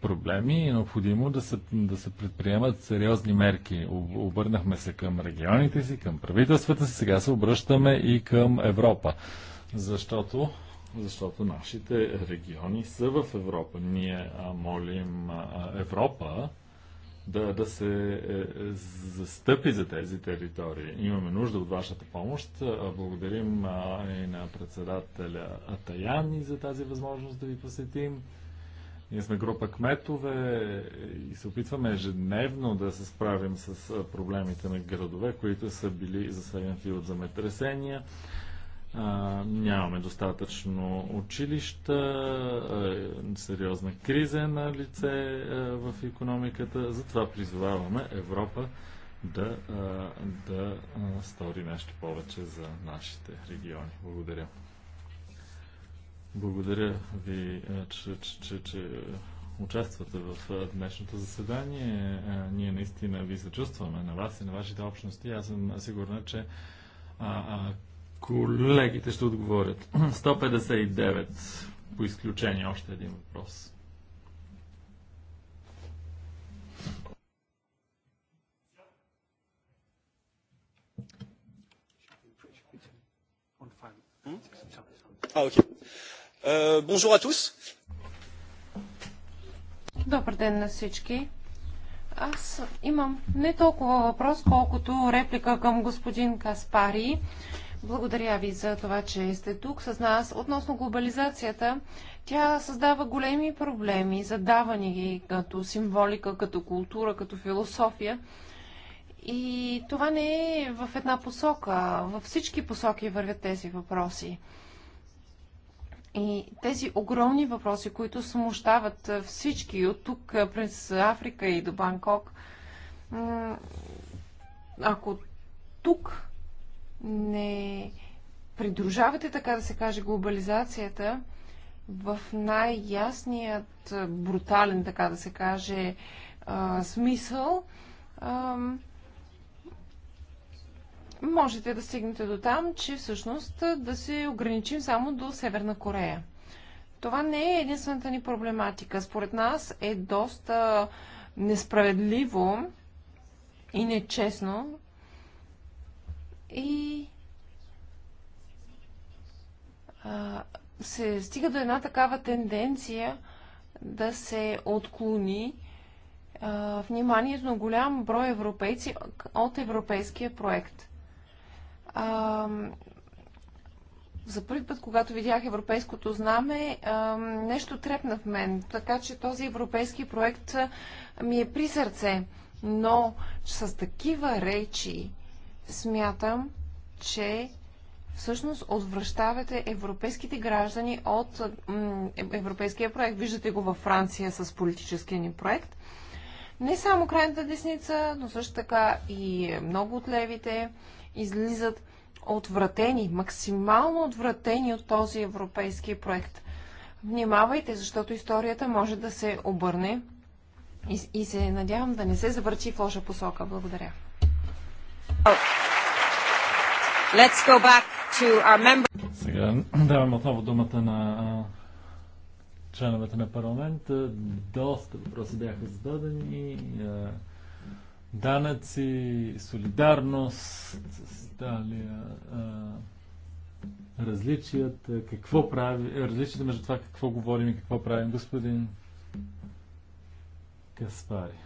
проблеми е необходимо да се, да се предприемат сериозни мерки. Обърнахме се към регионите си, към правителствата си, сега се обръщаме и към Европа. Защото, защото нашите региони са в Европа. Ние а, молим а, Европа да, да се е, е, застъпи за тези територии. Имаме нужда от вашата помощ. Благодарим и на председателя Атаяни за тази възможност да ви посетим. Ние сме група кметове и се опитваме ежедневно да се справим с проблемите на градове, които са били засегнати от земетресения нямаме достатъчно училища, е, сериозна криза е на лице в економиката, затова призоваваме Европа да, да стори нещо повече за нашите региони. Благодаря. Благодаря ви, че, че, че, че участвате в днешното заседание. Ние наистина ви съчувстваме на вас и на вашите общности. Аз съм сигурна, че а, а, Колегите ще отговорят. 159 по изключение още един въпрос. Е, бонжур а тус. Добър ден на всички. Аз имам не толкова въпрос, колкото реплика към господин Каспари. Uh, благодаря ви за това, че сте тук с нас. Относно глобализацията, тя създава големи проблеми, задавани ги като символика, като култура, като философия. И това не е в една посока. Във всички посоки вървят тези въпроси. И тези огромни въпроси, които смущават всички от тук през Африка и до Банкок, ако тук не придружавате, така да се каже, глобализацията в най-ясният, брутален, така да се каже, смисъл, можете да стигнете до там, че всъщност да се ограничим само до Северна Корея. Това не е единствената ни проблематика. Според нас е доста несправедливо и нечестно и а, се стига до една такава тенденция да се отклони а, вниманието на голям брой европейци от европейския проект. А, за първи път, когато видях европейското знаме, нещо трепна в мен. Така че този европейски проект ми е при сърце. Но с такива речи смятам, че всъщност отвръщавате европейските граждани от европейския проект. Виждате го във Франция с политическия ни проект. Не само крайната десница, но също така и много от левите излизат отвратени, максимално отвратени от този европейски проект. Внимавайте, защото историята може да се обърне и, и се надявам да не се завърчи в лоша посока. Благодаря. Сега давам отново думата на членовете на парламента. Доста въпроси бяха зададени. Данъци, солидарност, Италия, различията, какво прави, различията между това какво говорим и какво правим, господин Каспари.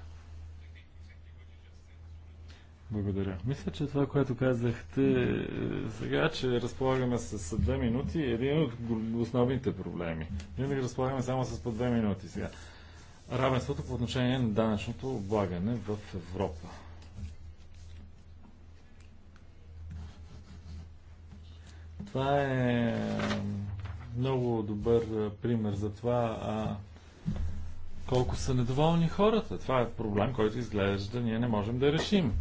Благодаря. Мисля, че това, което казахте е, сега, че разполагаме с две минути, е един от основните проблеми. Ние Винаги разполагаме само с по две минути сега. Равенството по отношение на данъчното облагане в Европа. Това е много добър пример за това а, колко са недоволни хората. Това е проблем, който изглежда ние не можем да решим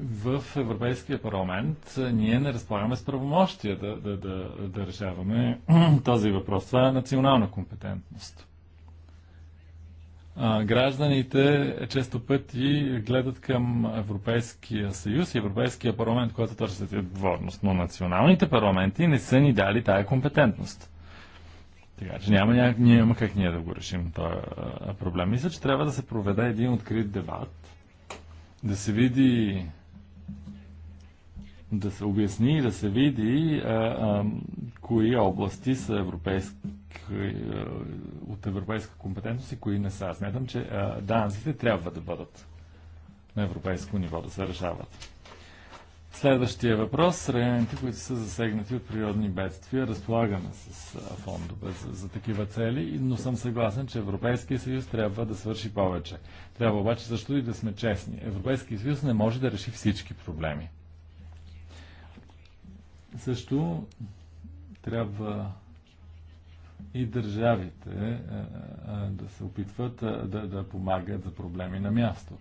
в Европейския парламент ние не разполагаме с правомощия да, да, да, да решаваме този въпрос. Това е национална компетентност. гражданите често пъти гледат към Европейския съюз и Европейския парламент, който търсят отговорност. Но националните парламенти не са ни дали тая компетентност. Така че няма, няма как ние да го решим този проблем. Мисля, че трябва да се проведе един открит дебат да се види, да се обясни и да се види а, а, кои области са европейски от европейска компетентност и кои не са. Смятам, че данците трябва да бъдат на европейско ниво, да се решават. Следващия въпрос. Районите, които са засегнати от природни бедствия, разполагаме с фондове за, за такива цели, но съм съгласен, че Европейския съюз трябва да свърши повече. Трябва обаче също и да сме честни. Европейския съюз не може да реши всички проблеми. Също трябва и държавите е, е, е, да се опитват да, да помагат за проблеми на място.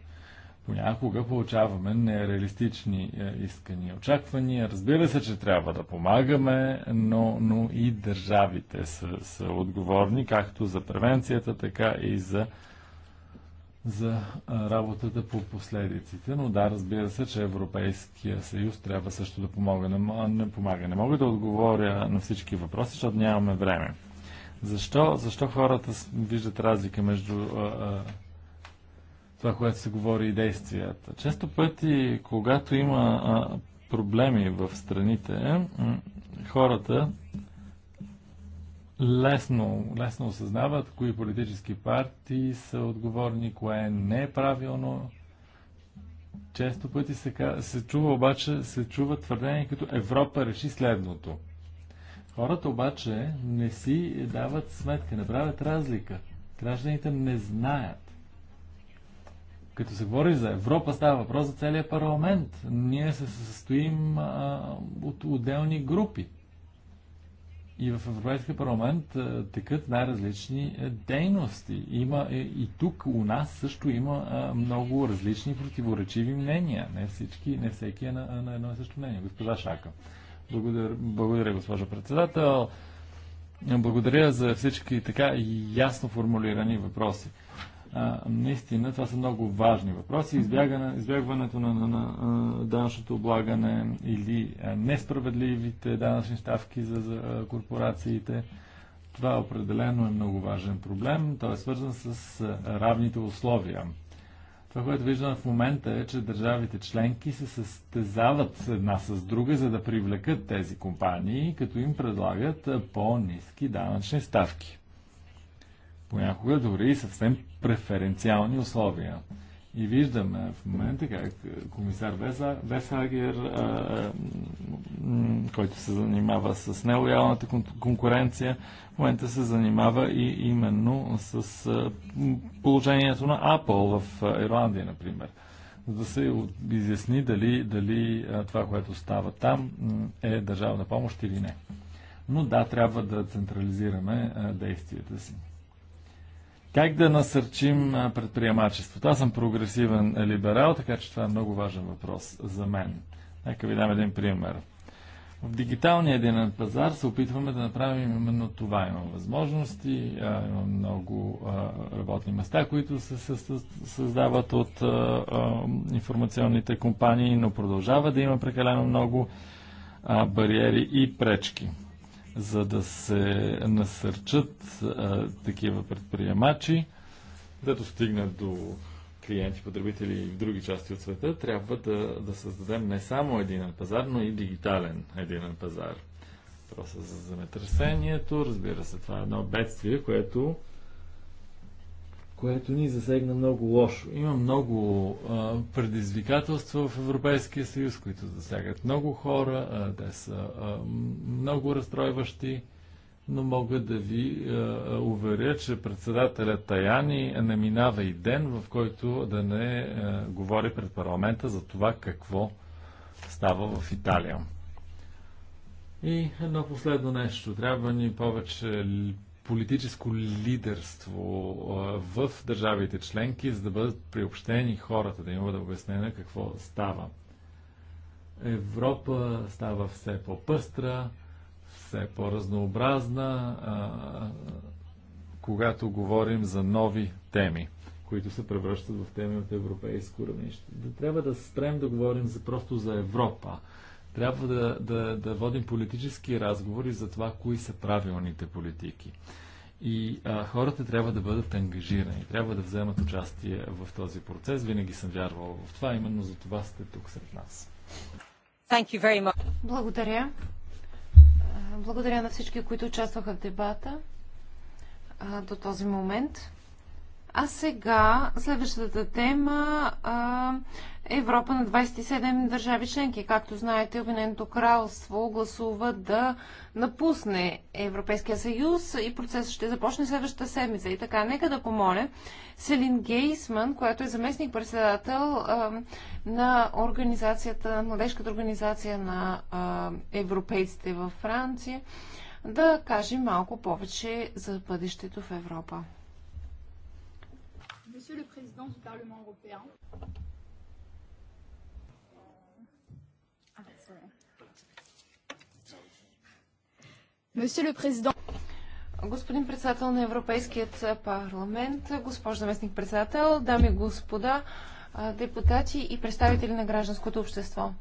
Понякога получаваме нереалистични искани очаквания. Разбира се, че трябва да помагаме, но, но и държавите са, са отговорни както за превенцията, така и за за работата по последиците. Но да, разбира се, че Европейския съюз трябва също да помога. Не, не помага. Не мога да отговоря на всички въпроси, защото нямаме време. Защо, защо хората виждат разлика между а, а, това, което се говори и действията? Често пъти, когато има а, проблеми в страните, хората лесно, лесно осъзнават кои политически партии са отговорни, кое не е правилно. Често пъти се, се чува обаче, се чува твърдение като Европа реши следното. Хората обаче не си дават сметка, не правят разлика. Гражданите не знаят. Като се говори за Европа, става въпрос за целият парламент. Ние се състоим а, от отделни групи и в Европейския парламент е, текат най-различни е, дейности. Има, е, и тук у нас също има много различни противоречиви мнения. Не, всички, не всеки е на, на едно и също мнение. Госпожа Шака. Благодаря, благодаря госпожа председател. Благодаря за всички така ясно формулирани въпроси а, наистина това са много важни въпроси. Избягане, избягването на, на, на данъчното облагане или несправедливите данъчни ставки за, за корпорациите. Това определено е много важен проблем. Той е свързан с равните условия. Това, което виждам в момента е, че държавите членки се състезават една с друга, за да привлекат тези компании, като им предлагат по-низки данъчни ставки понякога дори и съвсем преференциални условия. И виждаме в момента как е, комисар Веса, Весагер, а, е, е, който се занимава с нелоялната конкуренция, в момента се занимава и именно с а, положението на Apple в Ирландия, например. За да се изясни дали, дали това, което става там, е държавна помощ или не. Но да, трябва да централизираме действията си. Как да насърчим предприемачеството? Аз съм прогресивен либерал, така че това е много важен въпрос за мен. Нека ви дам един пример. В дигиталния единен пазар се опитваме да направим именно това. Имам възможности, имам много работни места, които се създават от информационните компании, но продължава да има прекалено много бариери и пречки за да се насърчат а, такива предприемачи, да достигнат до клиенти, потребители в други части от света, трябва да, да създадем не само един пазар, но и дигитален един пазар. Въпросът за земетресението, разбира се, това е едно бедствие, което което ни засегна много лошо. Има много а, предизвикателства в Европейския съюз, които засягат много хора, а, те са а, много разстройващи, но мога да ви а, уверя, че председателят Таяни не минава и ден, в който да не а, говори пред парламента за това какво става в Италия. И едно последно нещо. Трябва ни повече политическо лидерство в държавите членки, за да бъдат приобщени хората, да им бъде да обяснена какво става. Европа става все по-пъстра, все по-разнообразна, когато говорим за нови теми, които се превръщат в теми от европейско равнище. Да трябва да спрем да говорим за, просто за Европа, трябва да, да, да водим политически разговори за това, кои са правилните политики. И а, хората трябва да бъдат ангажирани, трябва да вземат участие в този процес. Винаги съм вярвала в това, именно за това сте тук сред нас. Thank you very much. Благодаря. Благодаря на всички, които участваха в дебата а, до този момент. А сега следващата тема а, Европа на 27 държави членки. Както знаете, Обединеното кралство гласува да напусне Европейския съюз и процесът ще започне следващата седмица. И така, нека да помоля Селин Гейсман, която е заместник-председател на организацията, младежката организация на а, европейците във Франция, да каже малко повече за бъдещето в Европа présidence du Parlement européen. Monsieur le Président. Господин председател на Европейският парламент, госпожа заместник председател, дами и господа, депутати и представители на гражданското общество.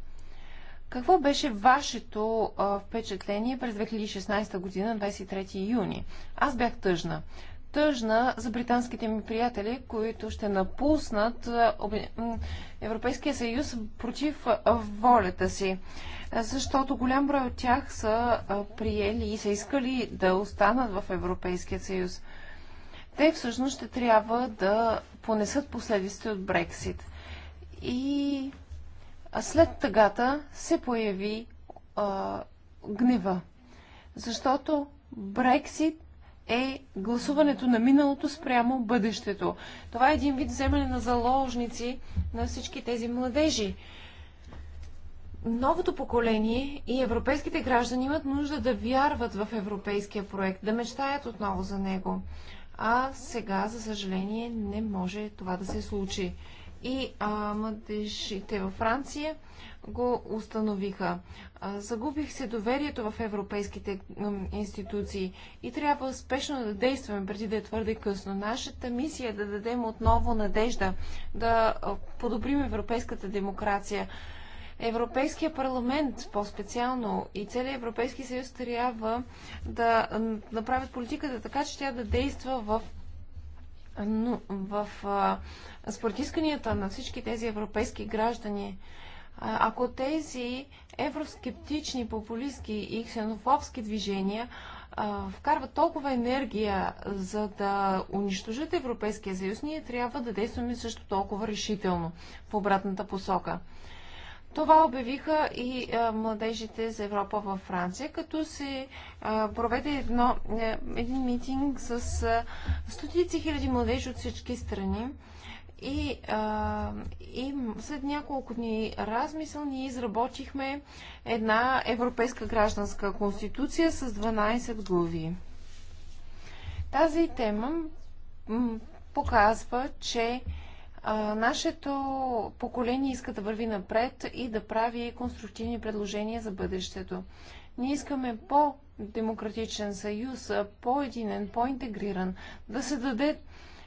Какво беше вашето впечатление през 2016 година, 23 юни? Аз бях тъжна тъжна за британските ми приятели, които ще напуснат е, Европейския съюз против е, волята си. Защото голям брой от тях са е, приели и са искали да останат в Европейския съюз. Те всъщност ще трябва да понесат последиците от Брексит. И след тъгата се появи а, гнева. Защото Брексит е гласуването на миналото спрямо бъдещето. Това е един вид вземане на заложници на всички тези младежи. Новото поколение и европейските граждани имат нужда да вярват в европейския проект, да мечтаят отново за него. А сега, за съжаление, не може това да се случи и а, младежите във Франция го установиха. А, загубих се доверието в европейските а, институции и трябва спешно да действаме преди да е твърде късно. Нашата мисия е да дадем отново надежда, да подобрим европейската демокрация. Европейския парламент по-специално и целият Европейски съюз трябва да направят политиката така, че тя да действа в но в, според исканията на всички тези европейски граждани, ако тези евроскептични, популистски и ксенофобски движения вкарват толкова енергия, за да унищожат Европейския съюз, ние трябва да действаме също толкова решително в обратната посока. Това обявиха и а, младежите за Европа във Франция, като се а, проведе едно, е, един митинг с а, стотици хиляди младежи от всички страни. И, а, и след няколко дни размисъл ние изработихме една европейска гражданска конституция с 12 глави. Тази тема показва, че а, нашето поколение иска да върви напред и да прави конструктивни предложения за бъдещето. Ние искаме по-демократичен съюз, по-единен, по-интегриран, да се даде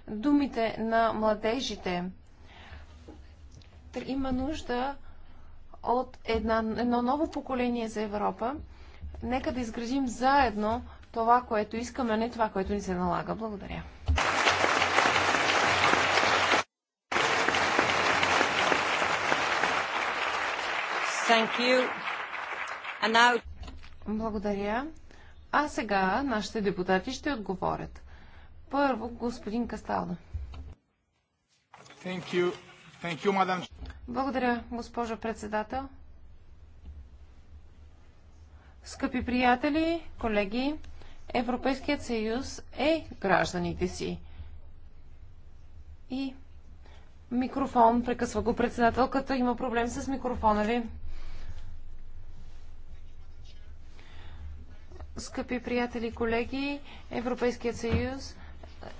думите на младежите. Има нужда от една, едно ново поколение за Европа. Нека да изградим заедно това, което искаме, а не това, което ни се налага. Благодаря. Благодаря. А сега нашите депутати ще отговорят. Първо, господин Касталда. Thank you. Thank you, Благодаря, госпожо председател. Скъпи приятели, колеги, Европейският съюз е гражданите си. И микрофон, прекъсва го председателката, има проблем с микрофона ви. Скъпи приятели, колеги, Европейският съюз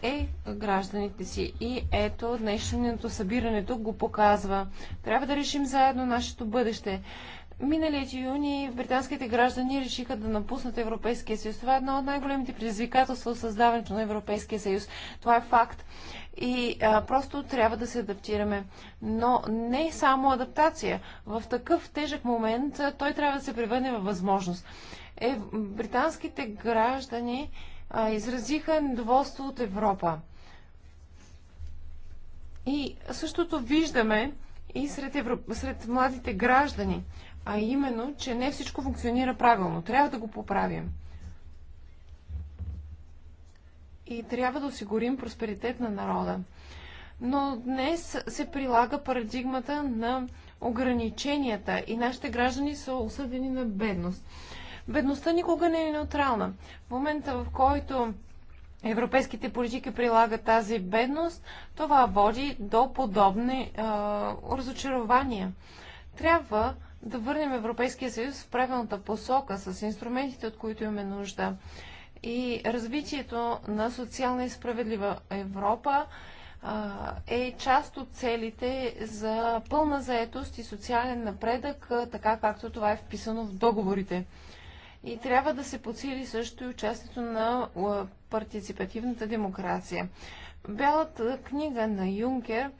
е гражданите си. И ето, днешното събиране тук го показва. Трябва да решим заедно нашето бъдеще. Миналият юни британските граждани решиха да напуснат Европейския съюз. Това е едно от най-големите предизвикателства в създаването на Европейския съюз. Това е факт. И а, просто трябва да се адаптираме. Но не само адаптация. В такъв тежък момент той трябва да се превърне във възможност е, британските граждани а, изразиха недоволство от Европа. И същото виждаме и сред, евро... сред младите граждани, а именно, че не всичко функционира правилно. Трябва да го поправим. И трябва да осигурим просперитет на народа. Но днес се прилага парадигмата на ограниченията и нашите граждани са осъдени на бедност. Бедността никога не е неутрална. В момента, в който европейските политики прилагат тази бедност, това води до подобни а, разочарования. Трябва да върнем Европейския съюз в правилната посока с инструментите, от които имаме нужда. И развитието на социална и справедлива Европа а, е част от целите за пълна заетост и социален напредък, а, така както това е вписано в договорите. И трябва да се подсили също и участието на партиципативната демокрация. Бялата книга на Юнкер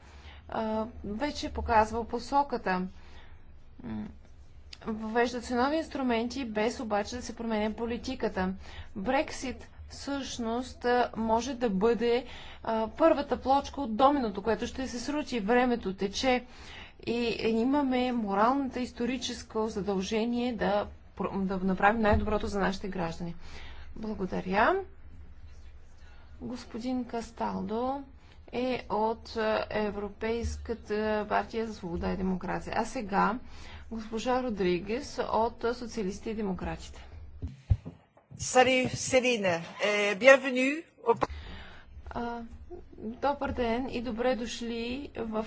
а, вече показва посоката. Въвеждат се нови инструменти, без обаче да се променя политиката. Брексит всъщност може да бъде а, първата плочка от доминото, което ще се срути. Времето тече и е, имаме моралната историческо задължение да да направим най-доброто за нашите граждани. Благодаря. Господин Касталдо е от е, Европейската партия за свобода и демокрация. А сега госпожа Родригес от Социалистите и демократите. Сали Селина, bienvenue. Е, добър ден и добре дошли в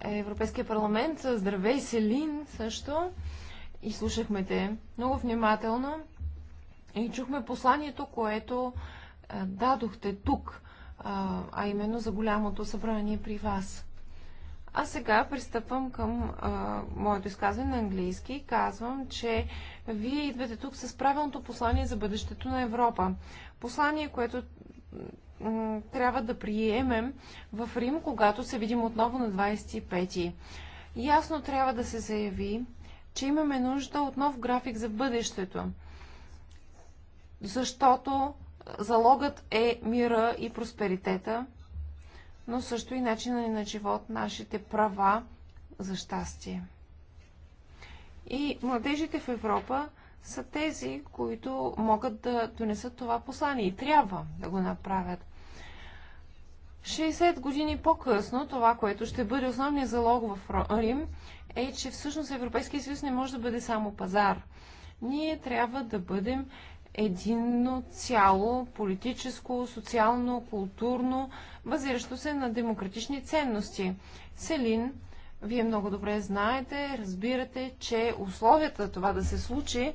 е, Европейския парламент. Здравей Селин също и слушахме те много внимателно и чухме посланието, което дадохте тук, а, именно за голямото събрание при вас. А сега пристъпвам към а, моето изказване на английски и казвам, че вие идвате тук с правилното послание за бъдещето на Европа. Послание, което трябва да приемем в Рим, когато се видим отново на 25. Ясно трябва да се заяви, че имаме нужда от нов график за бъдещето, защото залогът е мира и просперитета, но също и начина ни на живот, нашите права за щастие. И младежите в Европа са тези, които могат да донесат това послание и трябва да го направят. 60 години по-късно, това, което ще бъде основния залог в Рим, е, че всъщност Европейския съюз не може да бъде само пазар. Ние трябва да бъдем единно цяло, политическо, социално, културно, базиращо се на демократични ценности. Селин, вие много добре знаете, разбирате, че условията това да се случи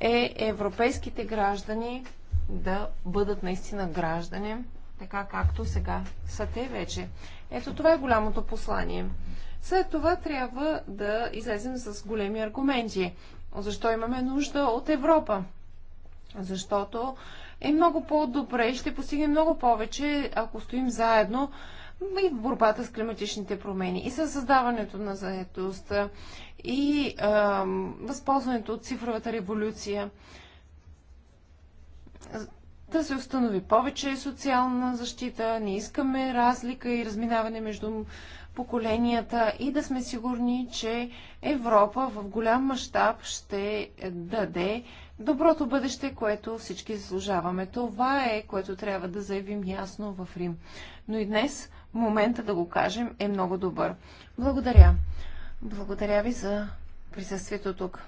е европейските граждани да бъдат наистина граждани, така както сега са те вече. Ето това е голямото послание. След това трябва да излезем с големи аргументи. Защо имаме нужда от Европа? Защото е много по-добре, и ще постигнем много повече, ако стоим заедно и в борбата с климатичните промени, и с създаването на заедост, и е, възползването от цифровата революция. Да се установи повече социална защита, не искаме разлика и разминаване между поколенията и да сме сигурни, че Европа в голям мащаб ще даде доброто бъдеще, което всички заслужаваме. Това е, което трябва да заявим ясно в Рим. Но и днес момента да го кажем е много добър. Благодаря. Благодаря ви за присъствието тук.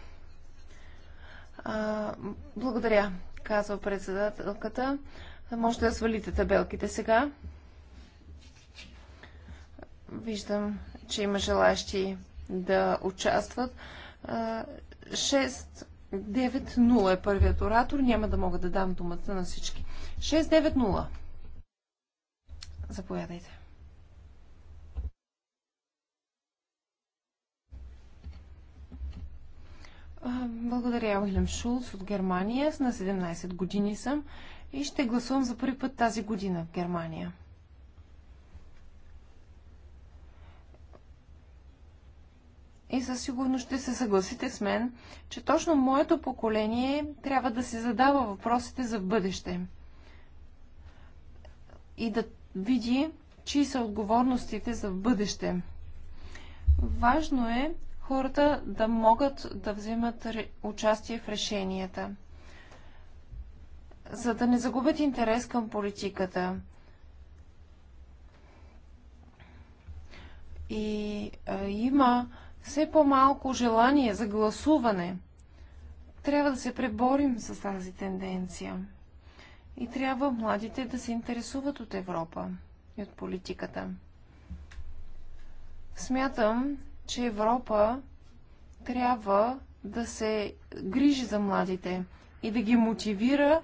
А, благодаря, казва председателката. Можете да свалите табелките сега. Виждам, че има желащи да участват. 690 е първият оратор. Няма да мога да дам думата на всички. 690. Заповядайте. Благодаря, Уилям Шулц от Германия. На 17 години съм и ще гласувам за първи път тази година в Германия. със сигурност ще се съгласите с мен, че точно моето поколение трябва да се задава въпросите за бъдеще и да види, чии са отговорностите за бъдеще. Важно е хората да могат да вземат участие в решенията, за да не загубят интерес към политиката. И а, има все по-малко желание за гласуване. Трябва да се преборим с тази тенденция. И трябва младите да се интересуват от Европа и от политиката. Смятам, че Европа трябва да се грижи за младите и да ги мотивира,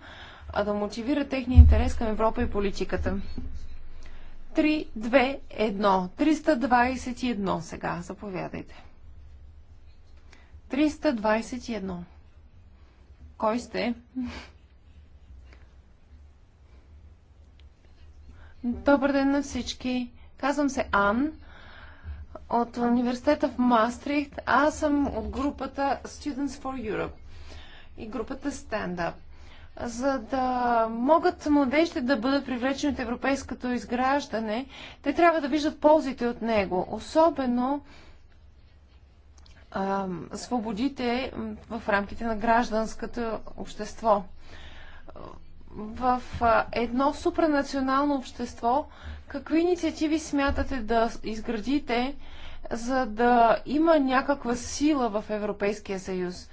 а да мотивира техния интерес към Европа и политиката. 321. 321 сега. Заповядайте. 321. Кой сте? Добър ден на всички. Казвам се Ан от университета в Мастрихт. Аз съм от групата Students for Europe и групата Stand Up за да могат младежите да бъдат привлечени от европейското изграждане, те трябва да виждат ползите от него. Особено а, свободите в рамките на гражданското общество. В а, едно супранационално общество, какви инициативи смятате да изградите, за да има някаква сила в Европейския съюз?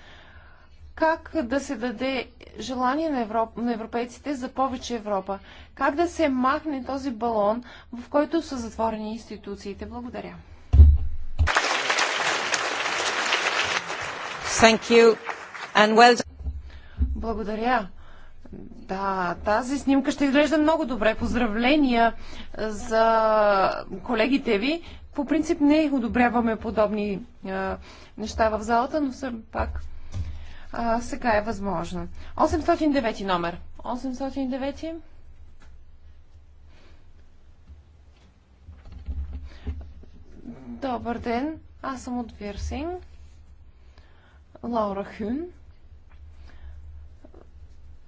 как да се даде желание на, Европ... на европейците за повече Европа, как да се махне този балон, в който са затворени институциите. Благодаря. Thank you. And well... Благодаря. Да, тази снимка ще изглежда много добре. Поздравления за колегите ви. По принцип не одобряваме подобни е, неща в залата, но все пак а, сега е възможно. 809 номер. 809. Добър ден, аз съм от Вирсин. Лаура Хюн.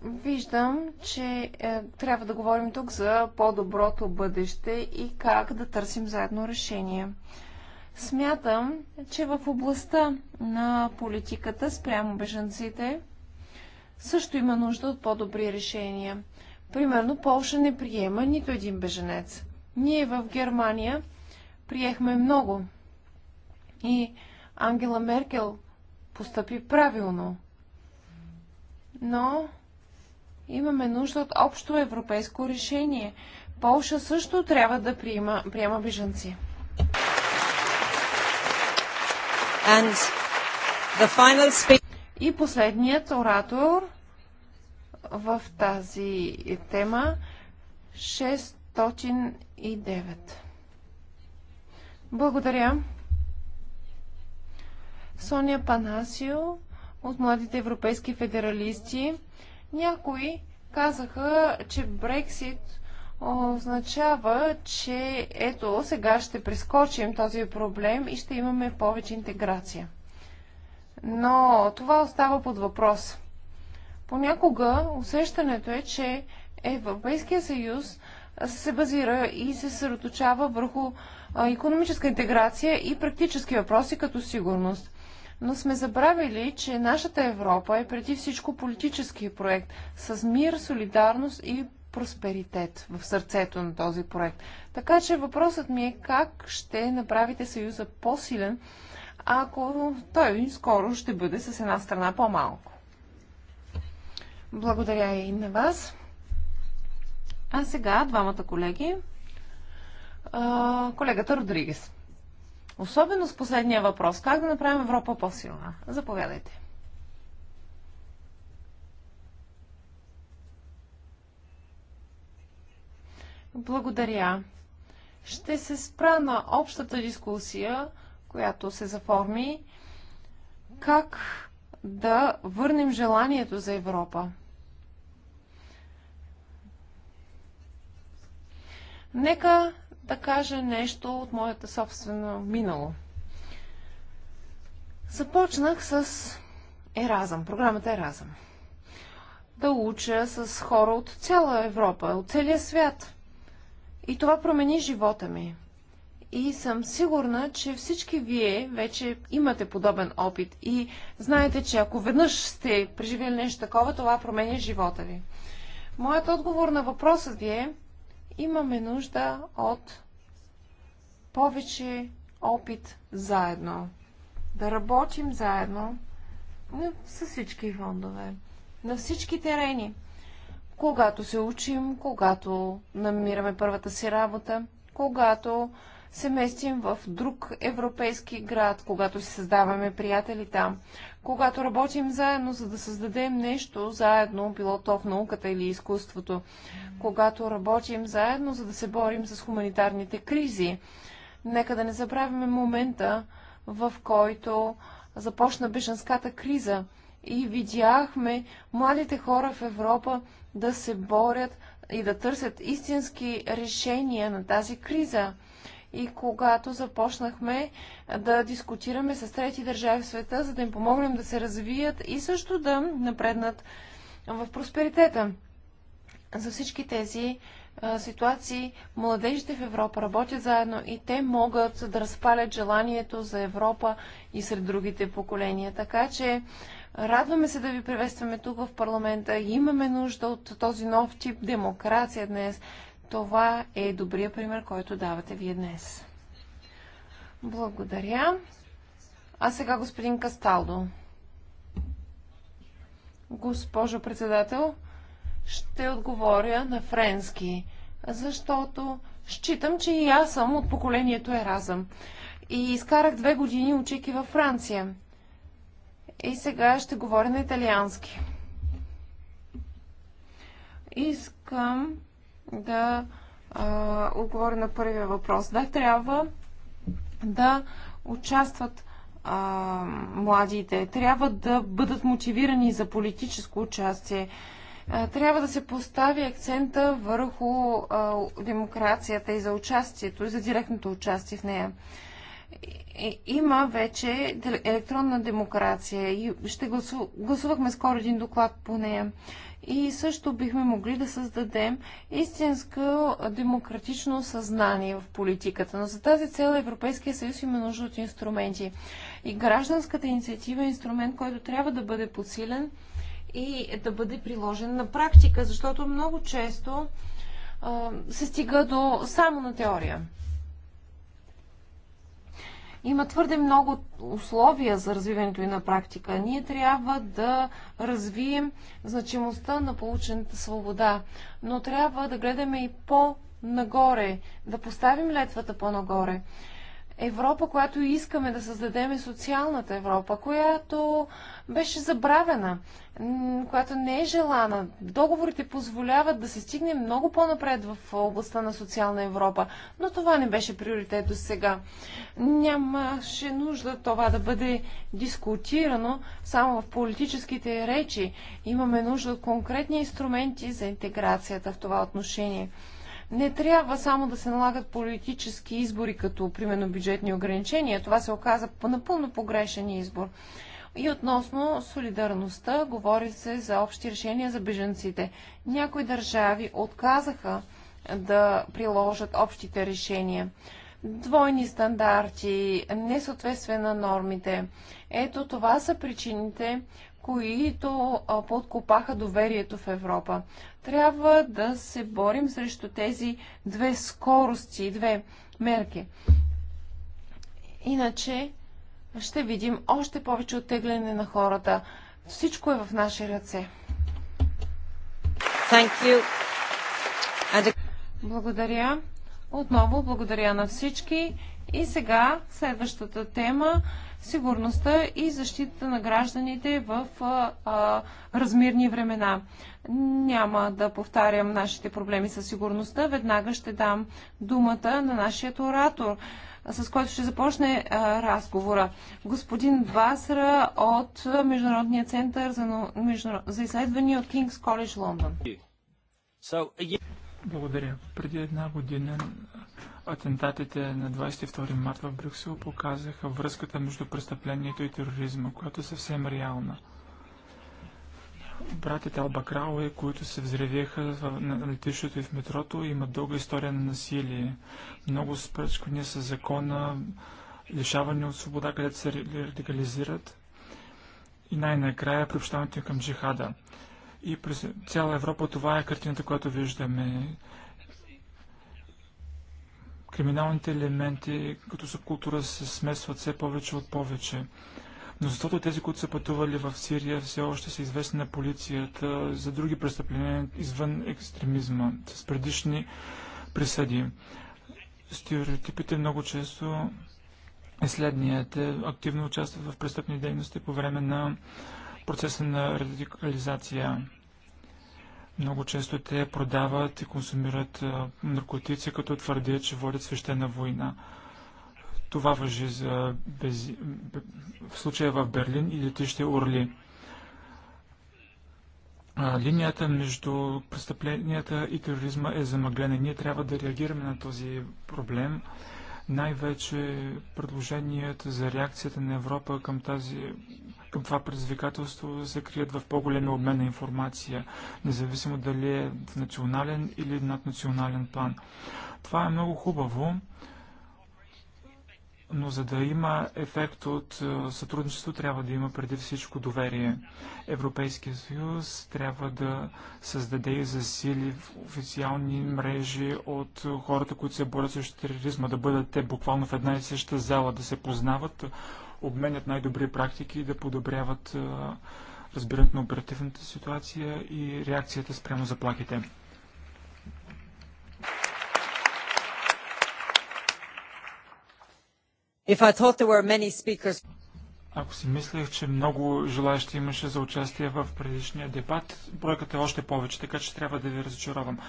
Виждам, че е, трябва да говорим тук за по-доброто бъдеще и как да търсим заедно решение. Смятам, че в областта на политиката спрямо бежанците също има нужда от по-добри решения. Примерно, Полша не приема нито един беженец. Ние в Германия приехме много. И Ангела Меркел постъпи правилно. Но имаме нужда от общо европейско решение. Полша също трябва да приема, приема беженци. И последният оратор в тази тема 609. Благодаря. Соня Панасио от Младите европейски федералисти. Някои казаха, че Брексит означава, че ето сега ще прескочим този проблем и ще имаме повече интеграция. Но това остава под въпрос. Понякога усещането е, че Европейския съюз се базира и се съсредоточава върху економическа интеграция и практически въпроси като сигурност. Но сме забравили, че нашата Европа е преди всичко политически проект с мир, солидарност и просперитет в сърцето на този проект. Така че въпросът ми е как ще направите Съюза по-силен, ако той скоро ще бъде с една страна по-малко. Благодаря и на вас. А сега двамата колеги. колегата Родригес. Особено с последния въпрос. Как да направим Европа по-силна? Заповядайте. Благодаря. Ще се спра на общата дискусия, която се заформи, как да върнем желанието за Европа. Нека да кажа нещо от моята собствено минало. Започнах с Еразъм, програмата Еразъм. Да уча с хора от цяла Европа, от целия свят. И това промени живота ми. И съм сигурна, че всички вие вече имате подобен опит и знаете, че ако веднъж сте преживели нещо такова, това променя живота ви. Моят отговор на въпросът ви е, имаме нужда от повече опит заедно. Да работим заедно с всички фондове, на всички терени – когато се учим, когато намираме първата си работа, когато се местим в друг европейски град, когато си създаваме приятели там, когато работим заедно, за да създадем нещо заедно, било то в науката или изкуството, когато работим заедно, за да се борим с хуманитарните кризи. Нека да не забравяме момента, в който започна бежанската криза и видяхме младите хора в Европа да се борят и да търсят истински решения на тази криза. И когато започнахме да дискутираме с трети държави в света, за да им помогнем да се развият и също да напреднат в просперитета. За всички тези а, ситуации младежите в Европа работят заедно и те могат да разпалят желанието за Европа и сред другите поколения. Така че Радваме се да ви приветстваме тук в парламента. Имаме нужда от този нов тип демокрация днес. Това е добрия пример, който давате вие днес. Благодаря. А сега господин Касталдо. Госпожо председател, ще отговоря на френски, защото считам, че и аз съм от поколението Еразъм. И изкарах две години учейки във Франция. И сега ще говоря на италиански. Искам да а, отговоря на първия въпрос. Да, трябва да участват а, младите, трябва да бъдат мотивирани за политическо участие трябва да се постави акцента върху а, демокрацията и за участието, и за директното участие в нея е, има вече електронна демокрация и ще гласу... гласувахме скоро един доклад по нея. И също бихме могли да създадем истинско демократично съзнание в политиката. Но за тази цел Европейския съюз има нужда от инструменти. И гражданската инициатива е инструмент, който трябва да бъде подсилен и да бъде приложен на практика, защото много често а, се стига до само на теория. Има твърде много условия за развиването и на практика. Ние трябва да развием значимостта на получената свобода, но трябва да гледаме и по-нагоре, да поставим летвата по-нагоре. Европа, която искаме да създадем е социалната Европа, която беше забравена, която не е желана. Договорите позволяват да се стигне много по-напред в областта на социална Европа, но това не беше приоритет до сега. Нямаше нужда това да бъде дискутирано само в политическите речи. Имаме нужда от конкретни инструменти за интеграцията в това отношение. Не трябва само да се налагат политически избори, като примерно бюджетни ограничения. Това се оказа напълно погрешен избор. И относно солидарността, говори се за общи решения за беженците. Някои държави отказаха да приложат общите решения. Двойни стандарти, несъответствие на нормите. Ето това са причините, които подкопаха доверието в Европа. Трябва да се борим срещу тези две скорости, две мерки. Иначе ще видим още повече оттегляне на хората. Всичко е в наши ръце. Благодаря. Отново благодаря на всички. И сега следващата тема сигурността и защита на гражданите в а, а, размирни времена. Няма да повтарям нашите проблеми със сигурността. Веднага ще дам думата на нашия оратор, с който ще започне а, разговора. Господин Басра от Международния център за, за изследвания от Кингс Коледж Лондон. Благодаря. Преди една година Атентатите на 22 март в Брюксел показаха връзката между престъплението и тероризма, която е съвсем реална. Братите Албакрауи, които се взревиха на летището и в метрото, имат дълга история на насилие. Много спръчкани с закона, лишаване от свобода, където се радикализират. И най-накрая приобщаването към джихада. И през цяла Европа това е картината, която виждаме. Криминалните елементи като субкултура се смесват все повече от повече. Но защото тези, които са пътували в Сирия, все още са известни на полицията за други престъпления извън екстремизма, с предишни присъди. Стереотипите много често е следният. Те активно участват в престъпни дейности по време на процеса на радикализация. Много често те продават и консумират наркотици, като твърдят, че водят свещена война. Това въжи за без... в случая в Берлин и летище Орли. Линията между престъпленията и тероризма е замъглена. Ние трябва да реагираме на този проблем. Най-вече предложението за реакцията на Европа към тази към това предизвикателство се крият в по-големи обмен на информация, независимо дали е в национален или наднационален план. Това е много хубаво, но за да има ефект от е, сътрудничество, трябва да има преди всичко доверие. Европейския съюз трябва да създаде и засили в официални мрежи от хората, които се борят срещу тероризма, да бъдат те буквално в една и съща зала, да се познават обменят най-добри практики и да подобряват разбирането на оперативната ситуация и реакцията спрямо заплахите. Speakers... Ако си мислех, че много желаящи имаше за участие в предишния дебат, бройката е още повече, така че трябва да ви разочаровам.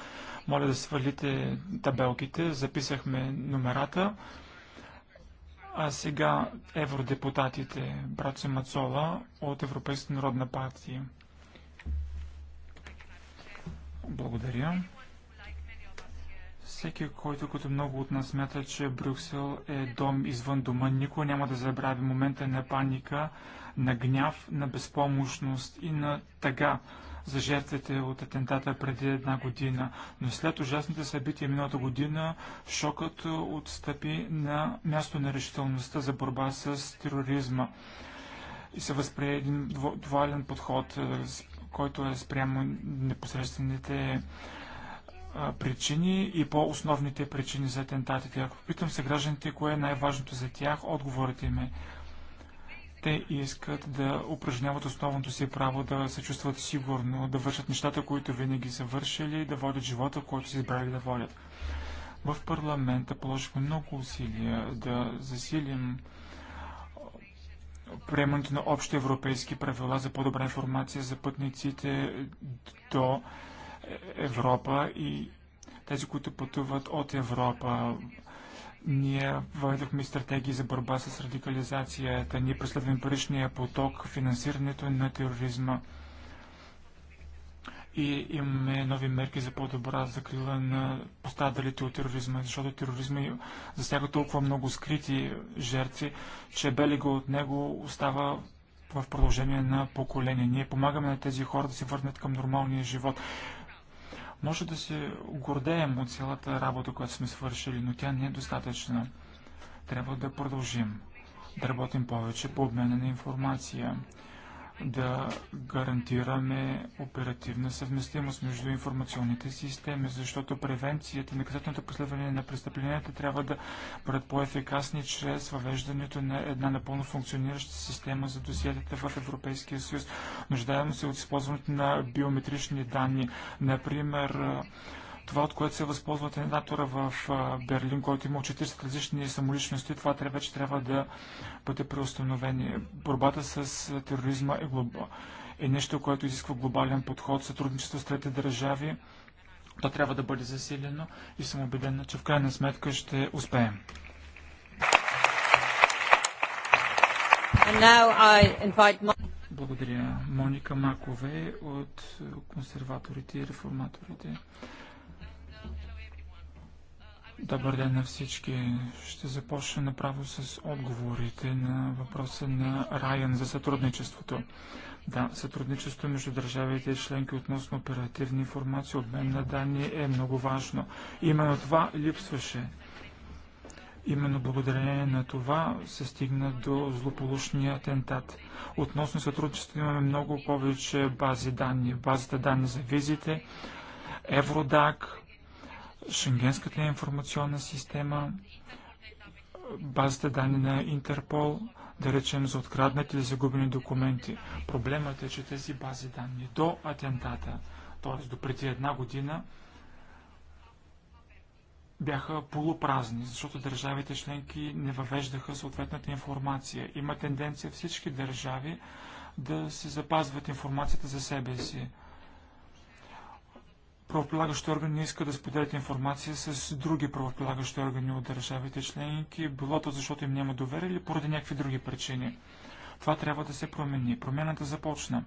Моля да свалите табелките, записахме номерата. А сега евродепутатите, братце Мацола от Европейската народна партия. Благодаря. Всеки, който като много от нас смята, че Брюксел е дом извън дома, никой няма да забрави момента на паника, на гняв, на безпомощност и на тъга, за жертвите от атентата преди една година. Но след ужасните събития миналата година, шокът е, отстъпи на място на решителността за борба с тероризма. И се възприе един двуален подход, е, който е спрямо непосредствените е, причини и по-основните причини за атентатите. Ако питам се гражданите, кое е най-важното за тях, отговорите ми те искат да упражняват основното си право да се чувстват сигурно, да вършат нещата, които винаги са вършили, да водят живота, който са избрали да водят. В парламента положихме много усилия да засилим приемането на общи европейски правила за по-добра информация за пътниците до Европа и тези, които пътуват от Европа ние въведохме стратегии за борба с радикализацията. Ние преследваме паричния поток, финансирането на тероризма. И имаме нови мерки за по-добра закрила на пострадалите от тероризма, защото тероризма засяга толкова много скрити жертви, че белега от него остава в продължение на поколение. Ние помагаме на тези хора да се върнат към нормалния живот. Може да се гордеем от цялата работа, която сме свършили, но тя не е достатъчна. Трябва да продължим да работим повече по обмена на информация, да гарантираме оперативна съвместимост между информационните системи, защото превенцията и наказателното преследване на престъпленията трябва да бъдат по-ефикасни чрез въвеждането на една напълно функционираща система за досиетата в Европейския съюз. Нуждаем се от използването на биометрични данни, например това, от което се възползва тендатора в Берлин, който има 40 различни самоличности, това вече трябва да бъде преустановени. Борбата с тероризма е, е нещо, което изисква глобален подход, сътрудничество с трети държави. То трябва да бъде засилено и съм убедена, че в крайна сметка ще успеем. Благодаря. Моника Макове от консерваторите и реформаторите. Добър ден на всички. Ще започна направо с отговорите на въпроса на Райан за сътрудничеството. Да, сътрудничество между държавите и членки относно оперативни информации, обмен на данни е много важно. Именно това липсваше. Именно благодарение на това се стигна до злополучния атентат. Относно сътрудничеството имаме много повече бази данни. Базата данни за визите, Евродак, Шенгенската информационна система, базата данни на Интерпол, да речем за откраднати или загубени документи. Проблемът е, че тези бази данни до атентата, т.е. до преди една година, бяха полупразни, защото държавите членки не въвеждаха съответната информация. Има тенденция всички държави да се запазват информацията за себе си правоприлагащи органи искат да споделят информация с други правоприлагащи органи от държавите членки, било то защото им няма доверие или поради някакви други причини. Това трябва да се промени. Промената започна.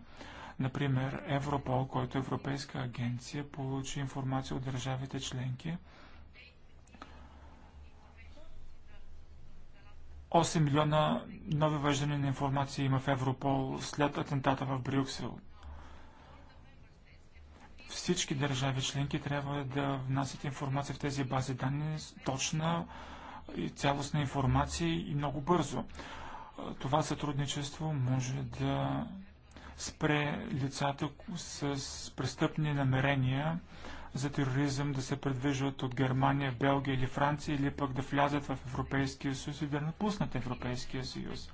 Например, Европол, който е Европейска агенция, получи информация от държавите членки. 8 милиона нови въждане на информация има в Европол след атентата в Брюксел. Всички държави членки трябва да внасят информация в тези бази данни, точна и цялостна информация и много бързо. Това сътрудничество може да спре лицата с престъпни намерения за тероризъм да се предвижват от Германия, Белгия или Франция или пък да влязат в Европейския съюз и да напуснат Европейския съюз.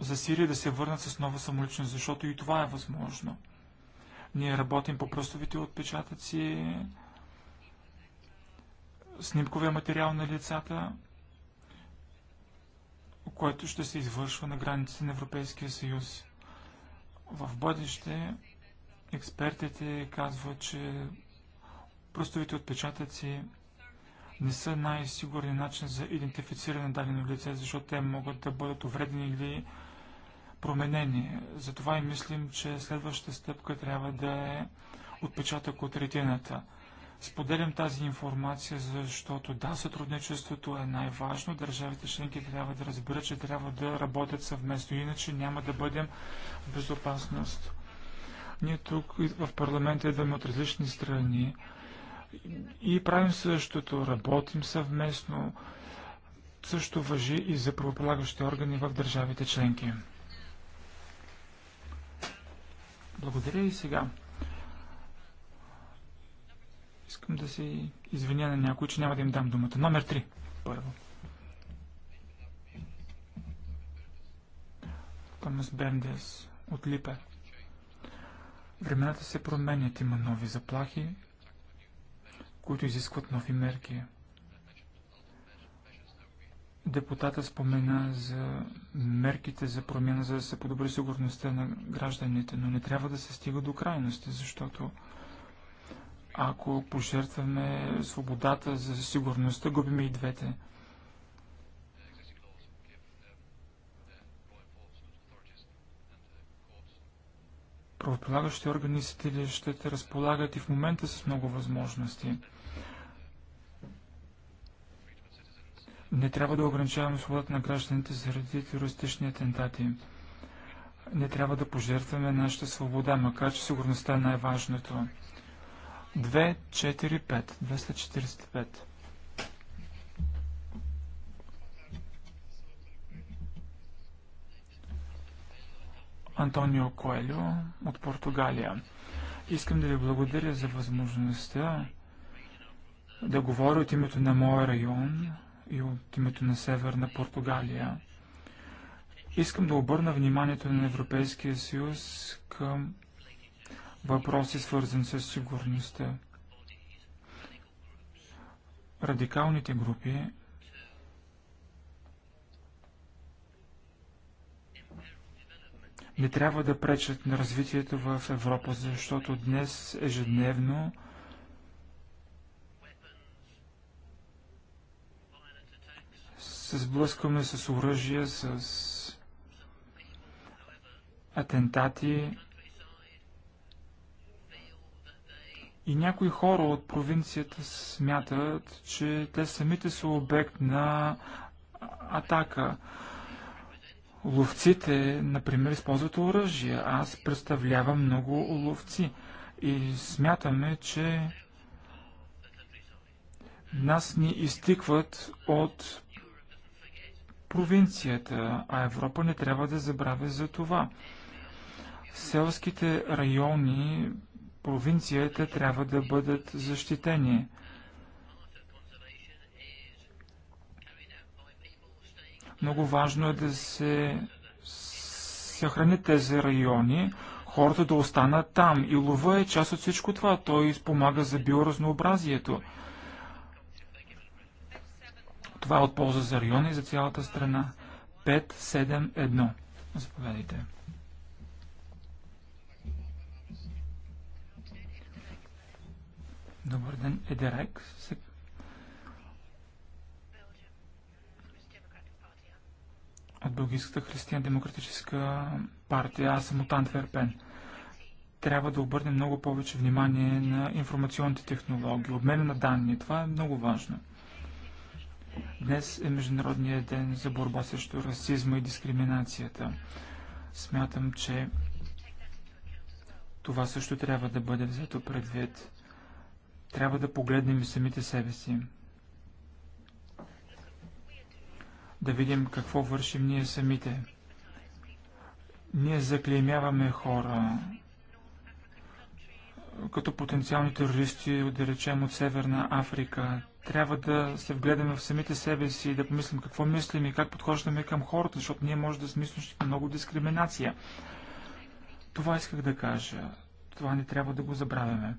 за Сирия да се върнат с нова самоличност, защото и това е възможно. Ние работим по пръстовите отпечатъци, снимковия материал на лицата, което ще се извършва на границите на Европейския съюз. В бъдеще експертите казват, че пръстовите отпечатъци не са най-сигурният начин за идентифициране на дадено лице, защото те могат да бъдат увредени или променени. Затова и мислим, че следващата стъпка трябва да е отпечатък от ретината. Споделям тази информация, защото да, сътрудничеството е най-важно. Държавите членки трябва да разберат, че трябва да работят съвместно, иначе няма да бъдем в безопасност. Ние тук в парламента идваме от различни страни и правим същото, работим съвместно. Също въжи и за правополагащите органи в държавите членки. Благодаря и сега. Искам да се извиня на някой, че няма да им дам думата. Номер 3. Първо. Томас Бендес от Липе. Времената се променят, има нови заплахи, които изискват нови мерки. Депутата спомена за мерките за промяна, за да се подобри сигурността на гражданите, но не трябва да се стига до крайности, защото ако пожертваме свободата за сигурността, губим и двете. Правоприлагащите органи и те разполагат и в момента с много възможности – Не трябва да ограничаваме свободата на гражданите заради терористични атентати. Не трябва да пожертваме нашата свобода, макар че сигурността е най-важното. 5, 245. Антонио Коелио от Португалия. Искам да ви благодаря за възможността да говоря от името на моя район, и от името на Северна Португалия. Искам да обърна вниманието на Европейския съюз към въпроси, свързани с сигурността. Радикалните групи не трябва да пречат на развитието в Европа, защото днес ежедневно се сблъскваме с оръжие, с атентати. И някои хора от провинцията смятат, че те самите са обект на атака. Ловците, например, използват оръжие. Аз представлявам много ловци. И смятаме, че нас ни изтикват от провинцията, а Европа не трябва да забравя за това. Селските райони, провинцията трябва да бъдат защитени. Много важно е да се съхранят тези райони, хората да останат там. И лова е част от всичко това. Той спомага за биоразнообразието. Това е от полза за района и за цялата страна. 571. Заповядайте. Добър ден, Едерек. От Бългийската християн-демократическа партия. Аз съм от Антверпен трябва да обърнем много повече внимание на информационните технологии, обмена на данни. Това е много важно. Днес е Международният ден за борба срещу расизма и дискриминацията. Смятам, че това също трябва да бъде взето предвид. Трябва да погледнем и самите себе си. Да видим какво вършим ние самите. Ние заклеймяваме хора, като потенциални терористи, да речем от Северна Африка трябва да се вгледаме в самите себе си и да помислим какво мислим и как подхождаме към хората, защото ние може да сме източник на много дискриминация. Това исках да кажа. Това не трябва да го забравяме.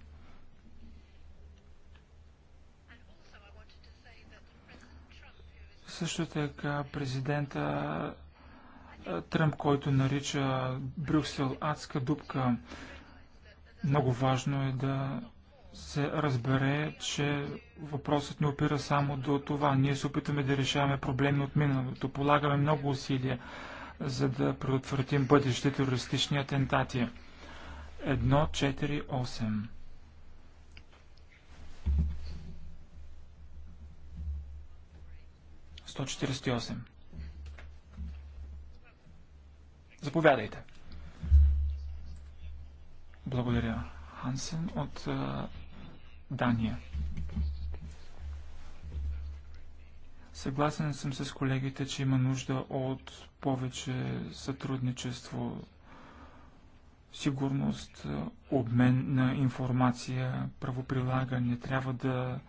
Също така президента Тръмп, който нарича Брюксел адска дупка, много важно е да се разбере, че въпросът не опира само до това. Ние се опитаме да решаваме проблеми от миналото. Полагаме много усилия, за да предотвратим бъдещите терористични атентати. 1.4.8 148 Заповядайте. Благодаря, Хансен. От Дания. Съгласен съм с колегите, че има нужда от повече сътрудничество, сигурност, обмен на информация, правоприлагане. Трябва да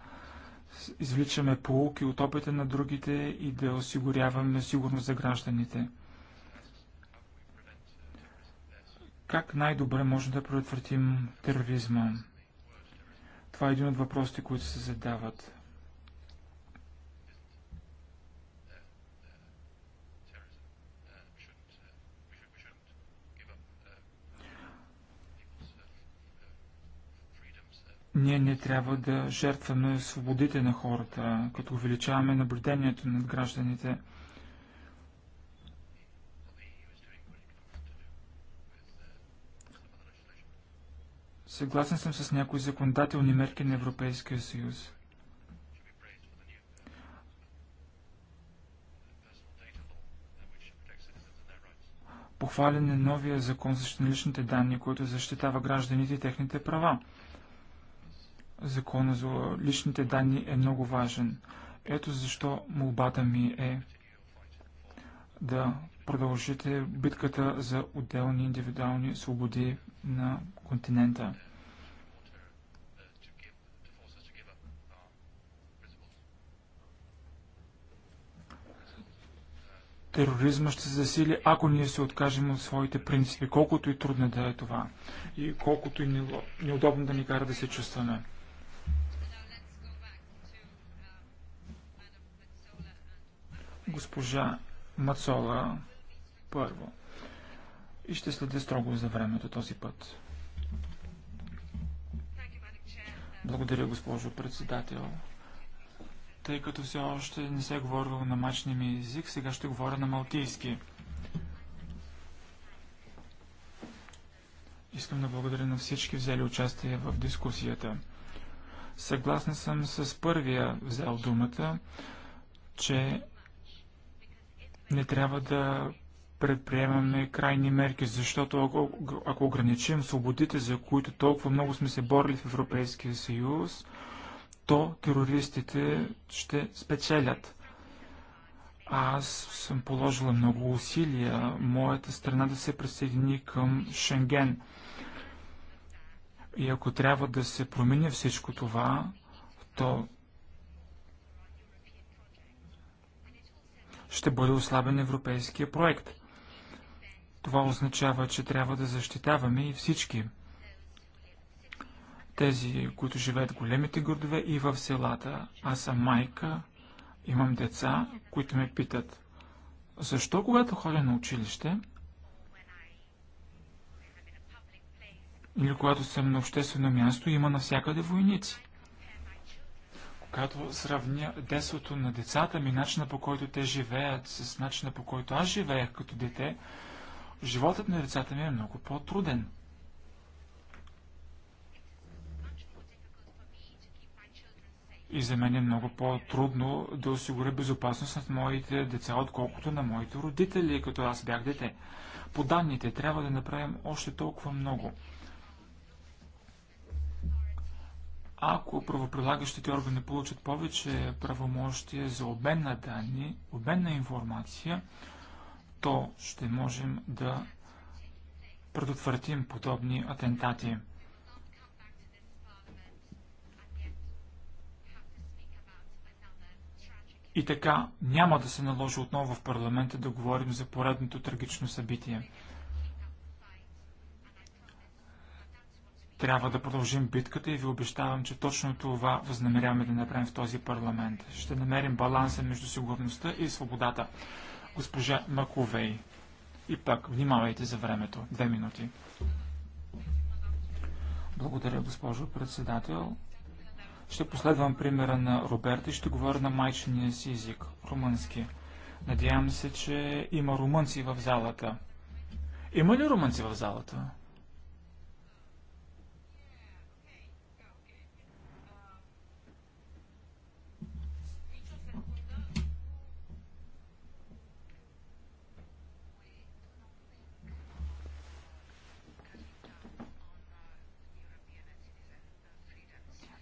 извличаме полуки от опита на другите и да осигуряваме сигурност за гражданите. Как най-добре може да предотвратим тероризма? Това е един от въпросите, които се задават. ние не трябва да жертваме свободите на хората, като увеличаваме наблюдението над гражданите. Съгласен съм с някои законодателни мерки на Европейския съюз. Похвален е новия закон за личните данни, който защитава гражданите и техните права. Закона за личните данни е много важен. Ето защо молбата ми е да продължите битката за отделни индивидуални свободи на континента. тероризма ще се засили, ако ние се откажем от своите принципи, колкото и трудно да е това и колкото и неудобно да ни кара да се чувстваме. Госпожа Мацола, първо и ще следя строго за времето този път. Благодаря, госпожо председател. Тъй като все още не се е говорил на мачния ми език, сега ще говоря на малтийски. Искам да благодаря на всички взели участие в дискусията. Съгласна съм с първия взел думата, че не трябва да предприемаме крайни мерки, защото ако, ако ограничим свободите, за които толкова много сме се борили в Европейския съюз, то терористите ще спечелят. Аз съм положила много усилия моята страна да се присъедини към Шенген. И ако трябва да се промени всичко това, то ще бъде ослабен европейския проект. Това означава, че трябва да защитаваме и всички. Тези, които живеят в големите градове и в селата. Аз съм майка, имам деца, които ме питат, защо когато ходя на училище, или когато съм на обществено място, има навсякъде войници. Когато сравня детството на децата ми, начина по който те живеят с начина по който аз живеех като дете, животът на децата ми е много по-труден. И за мен е много по-трудно да осигуря безопасност на моите деца, отколкото на моите родители, като аз бях дете. По данните трябва да направим още толкова много. Ако правоприлагащите органи получат повече правомощия за обмен на данни, обмен на информация, то ще можем да предотвратим подобни атентати. И така няма да се наложи отново в парламента да говорим за поредното трагично събитие. Трябва да продължим битката и ви обещавам, че точно това възнамеряваме да направим в този парламент. Ще намерим баланса между сигурността и свободата. Госпожа Маковей. И пак, внимавайте за времето. Две минути. Благодаря, госпожо председател. Ще последвам примера на Роберта и ще говоря на майчиния си език, румънски. Надявам се, че има румънци в залата. Има ли румънци в залата?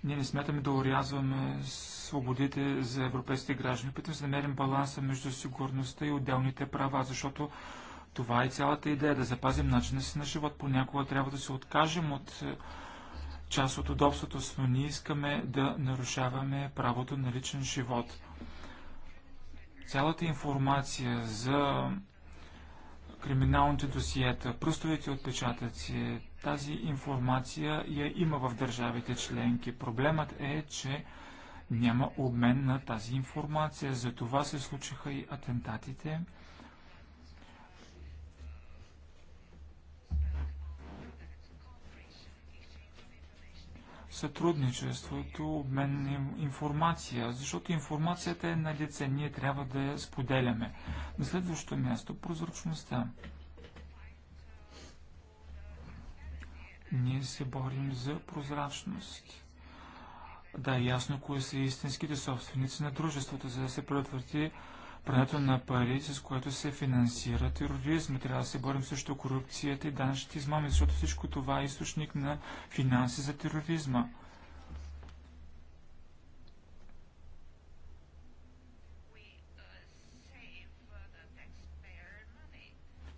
Ние не смятаме да урязваме свободите за европейските граждани. Питаме се да намерим баланса между сигурността и отделните права, защото това е цялата идея, да запазим начина си на живот. Понякога трябва да се откажем от е, част от удобството, но ние искаме да нарушаваме правото на личен живот. Цялата информация за криминалните досиета, пръстовите отпечатъци, тази информация я има в държавите членки. Проблемът е, че няма обмен на тази информация. За това се случиха и атентатите. сътрудничеството, обмен на информация, защото информацията е на лице, ние трябва да я споделяме. На следващото място – прозрачността. Ние се борим за прозрачност. Да, е ясно кои са истинските собственици на дружеството, за да се предотврати прането на пари, с което се финансира тероризма. Трябва да се борим срещу корупцията и данъчните измами, защото всичко това е източник на финанси за тероризма.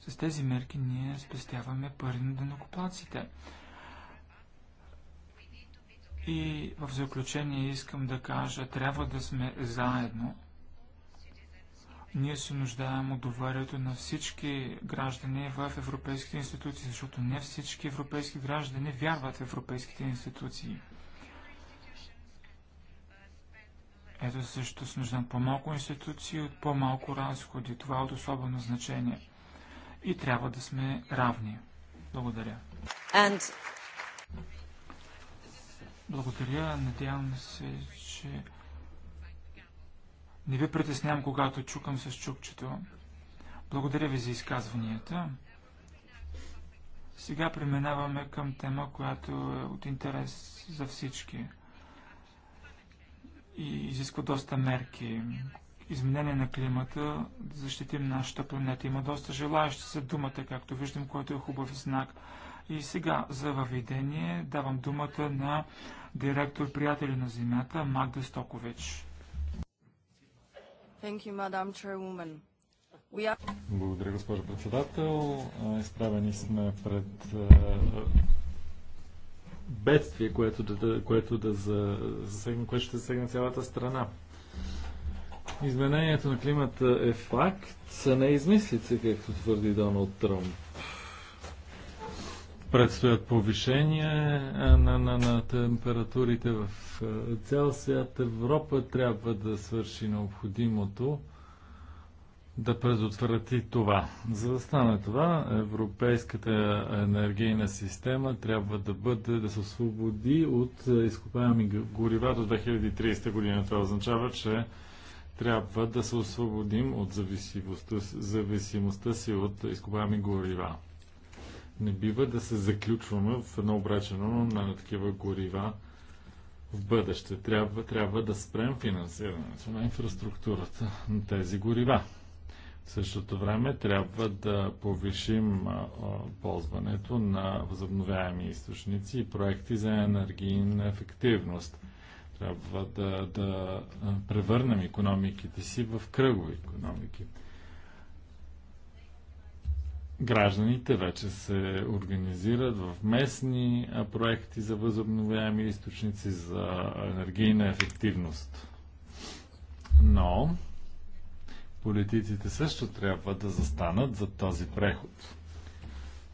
С тези мерки ние спестяваме пари на денокоплаците. И в заключение искам да кажа, трябва да сме заедно – ние се нуждаем от доверието на всички граждани в европейските институции, защото не всички европейски граждани вярват в европейските институции. Ето също се нуждаем по-малко институции от по-малко разходи. Това е от особено значение. И трябва да сме равни. Благодаря. And... Благодаря. Надявам се, че не ви притеснявам, когато чукам с чукчето. Благодаря ви за изказванията. Сега преминаваме към тема, която е от интерес за всички и изисква доста мерки. Изменение на климата, да защитим нашата планета. Има доста желаящи за думата, както виждам, който е хубав знак. И сега за въведение давам думата на директор приятели на Земята Магда Стокович. You, are... Благодаря, госпожо председател. Изправени сме пред бедствие, което да, което да засегне, което ще засегне цялата страна. Изменението на климата е факт, са не измислица, както твърди Доналд Тръмп Предстоят повишение на, на, на температурите в цял свят. Европа трябва да свърши необходимото да предотврати това. За да стане това, европейската енергийна система трябва да бъде, да се освободи от изкопаеми горива до 2030 година. Това означава, че трябва да се освободим от зависимостта, зависимостта си от изкопаеми горива не бива да се заключваме в едно обречено на такива горива в бъдеще. Трябва, трябва да спрем финансирането на инфраструктурата на тези горива. В същото време трябва да повишим ползването на възобновяеми източници и проекти за енергийна ефективност. Трябва да, да превърнем економиките си в кръгови економики гражданите вече се организират в местни проекти за възобновяеми източници за енергийна ефективност. Но политиците също трябва да застанат за този преход.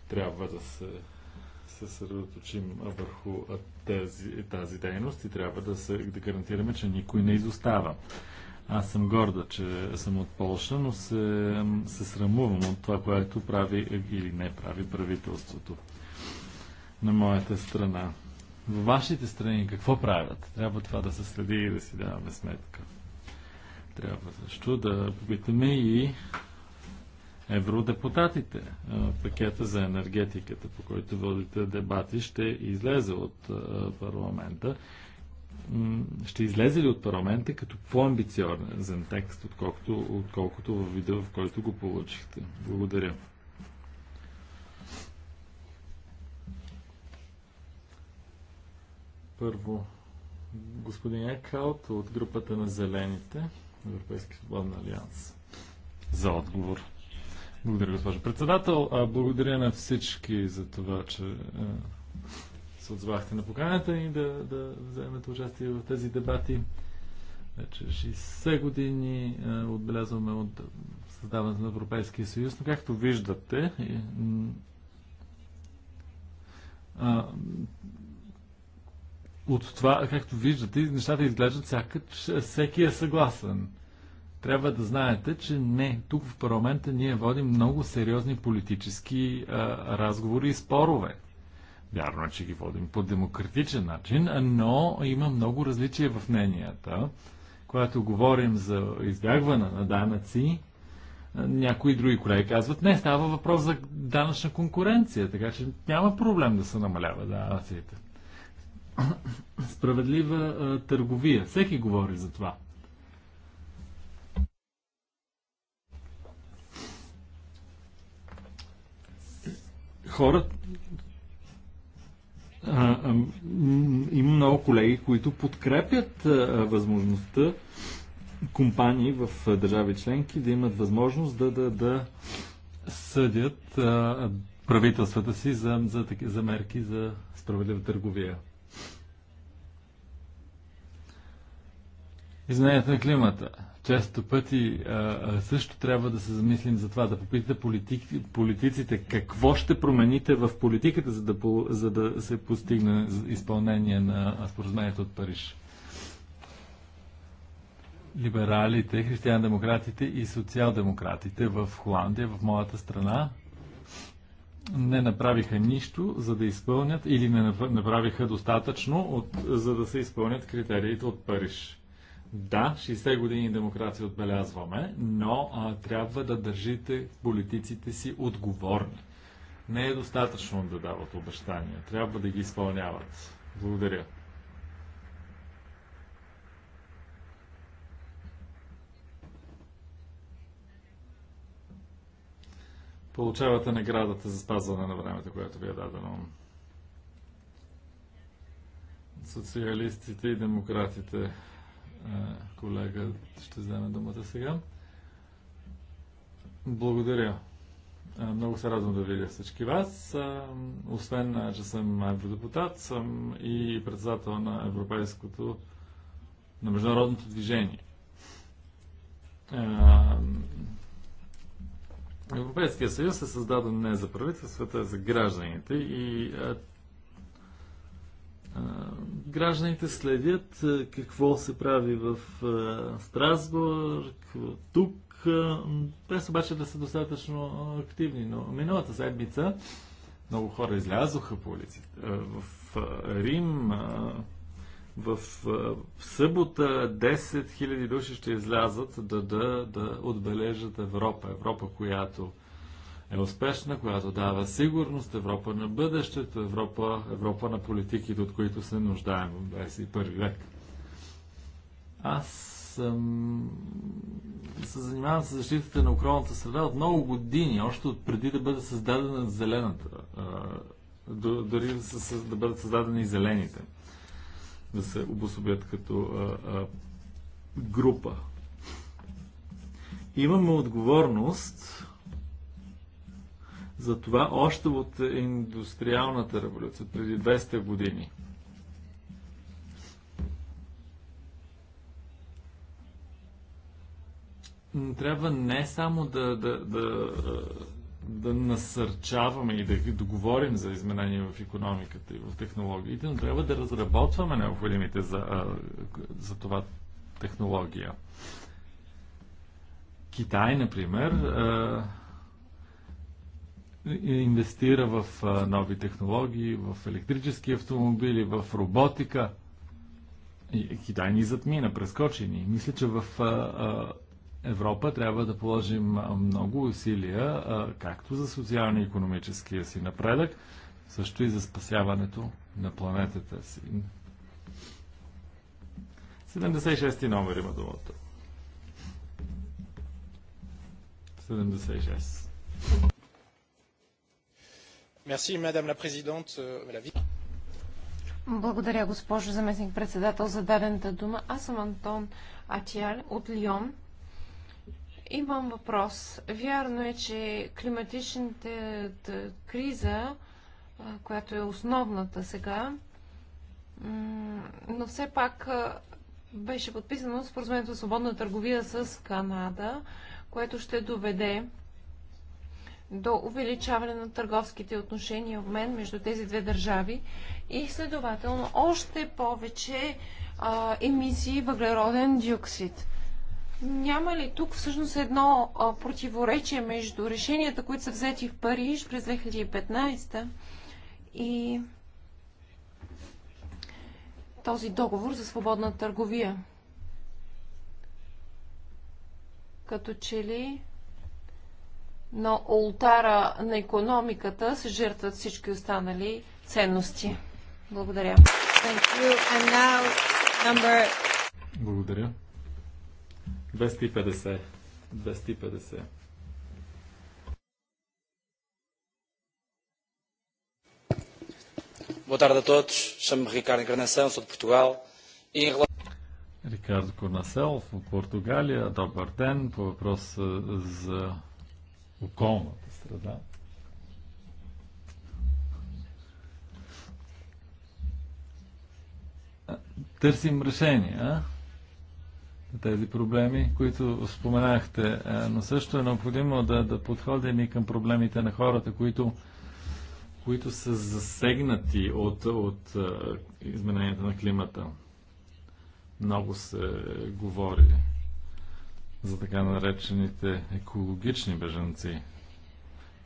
Трябва да се съсредоточим върху тази, тази дейност и трябва да, се, да гарантираме, че никой не изостава. Аз съм горда, че съм от Полша, но се, се срамувам от това, което прави или не прави правителството на моята страна. В вашите страни какво правят? Трябва това да се следи и да си даваме сметка. Трябва също да попитаме и евродепутатите. Пакета за енергетиката, по който водите дебати, ще излезе от парламента ще излезе ли от парламента като по-амбициозен текст, отколкото, отколкото във вида, в който го получихте? Благодаря. Първо, господин Екхаут от групата на Зелените, Европейски свободен алианс, за отговор. Благодаря, госпожо председател. А благодаря на всички за това, че е, се отзвахте на поканата и да, да вземете участие в тези дебати. Вече 60 години е, отбелязваме от създаването на Европейския съюз, но както виждате, е, е, от това, както виждате, нещата изглеждат че всеки е съгласен. Трябва да знаете, че не, тук в парламента ние водим много сериозни политически а, разговори и спорове. Вярно е, че ги водим по демократичен начин, но има много различия в мненията. Когато говорим за избягване на данъци, някои други колеги казват, не, става въпрос за данъчна конкуренция, така че няма проблем да се намалява данъците. Справедлива търговия. Всеки говори за това. Хората, има много колеги, които подкрепят възможността компании в държави членки да имат възможност да, да, да съдят правителствата си за, за, за мерки за справедлива търговия. Изменението на климата. Често пъти а, също трябва да се замислим за това, да попитате политик, политиците какво ще промените в политиката, за да, за да се постигне изпълнение на споразумението от Париж. Либералите, християн-демократите и социал-демократите в Холандия, в моята страна, не направиха нищо, за да изпълнят или не направиха достатъчно, от, за да се изпълнят критериите от Париж. Да, 60 години демокрация отбелязваме, но а, трябва да държите политиците си отговорни. Не е достатъчно да дават обещания, трябва да ги изпълняват. Благодаря. Получавате наградата за спазване на времето, което ви е дадено. Социалистите и демократите. Е, колега ще вземе думата сега. Благодаря. Е, много се радвам да видя всички вас. Е, освен, че съм евродепутат, съм и председател на Европейското, на Международното движение. Европейския съюз е създаден не за правителствата, а за гражданите и гражданите следят какво се прави в Страсбург, тук, са обаче да са достатъчно активни. Но миналата седмица много хора излязоха по улиците. В Рим в събота 10 000 души ще излязат да, да, да отбележат Европа. Европа, която е успешна, която дава сигурност, Европа на бъдещето, Европа, Европа на политиките, от които се нуждаем в 21 век. Аз съм... се занимавам с защитата на околната среда от много години, още от преди да бъде създадена зелената, дори да бъдат създадени и зелените, да се обособят като група. Имаме отговорност затова още от индустриалната революция, преди 200 години, трябва не само да, да, да, да насърчаваме и да, договорим говорим за изменения в економиката и в технологиите, но трябва да разработваме необходимите за, за това технология. Китай, например, е, инвестира в нови технологии, в електрически автомобили, в роботика. Китай ни затмина, прескочи ни. Мисля, че в Европа трябва да положим много усилия, както за социалния и економическия си напредък, също и за спасяването на планетата си. 76 номер има думата. 76. Euh, Благодаря, госпожо заместник председател, за дадената дума. Аз съм Антон Атиар от Лион. Имам въпрос. Вярно е, че климатичната криза, която е основната сега, но все пак беше подписано споразумението за свободна търговия с Канада, което ще доведе до увеличаване на търговските отношения и обмен между тези две държави и следователно още повече а, емисии въглероден диоксид. Няма ли тук всъщност едно а, противоречие между решенията, които са взети в Париж през 2015 и този договор за свободна търговия? Като че ли на ултара на економиката се жертват всички останали ценности. Благодаря. Number... Благодаря. 250. 250. Boa tarde a todos. Chamo-me Ricardo Encarnação, sou de Portugal. E em relação... Ricardo Cornacel, Португалия. Добър ден. По въпрос за околната среда. Търсим решения на тези проблеми, които споменахте, но също е необходимо да, да подходим и към проблемите на хората, които които са засегнати от, от, изменението на климата. Много се говори за така наречените екологични бежанци.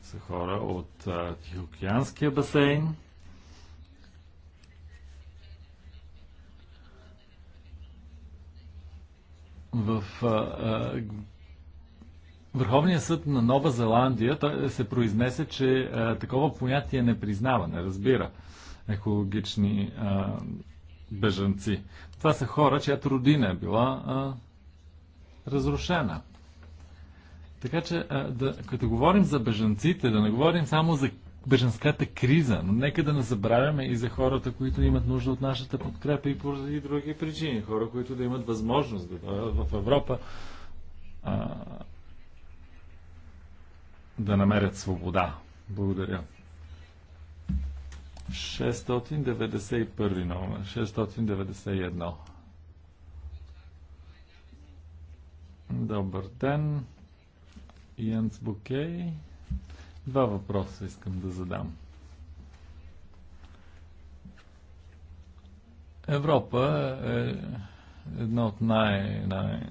Са хора от Тихоокеанския басейн, в а, а, Върховния съд на Нова Зеландия се произнесе, че а, такова понятие не признава, не разбира екологични а, бежанци. Това са хора, чиято родина е била а, разрушена. Така че, да, като говорим за бежанците, да не говорим само за бежанската криза, но нека да не забравяме и за хората, които имат нужда от нашата подкрепа и поради други причини. Хора, които да имат възможност да дойдат в Европа, а, да намерят свобода. Благодаря. 691 номер. 691. Добър ден. Янц Букей. Два въпроса искам да задам. Европа е едно от най-, най-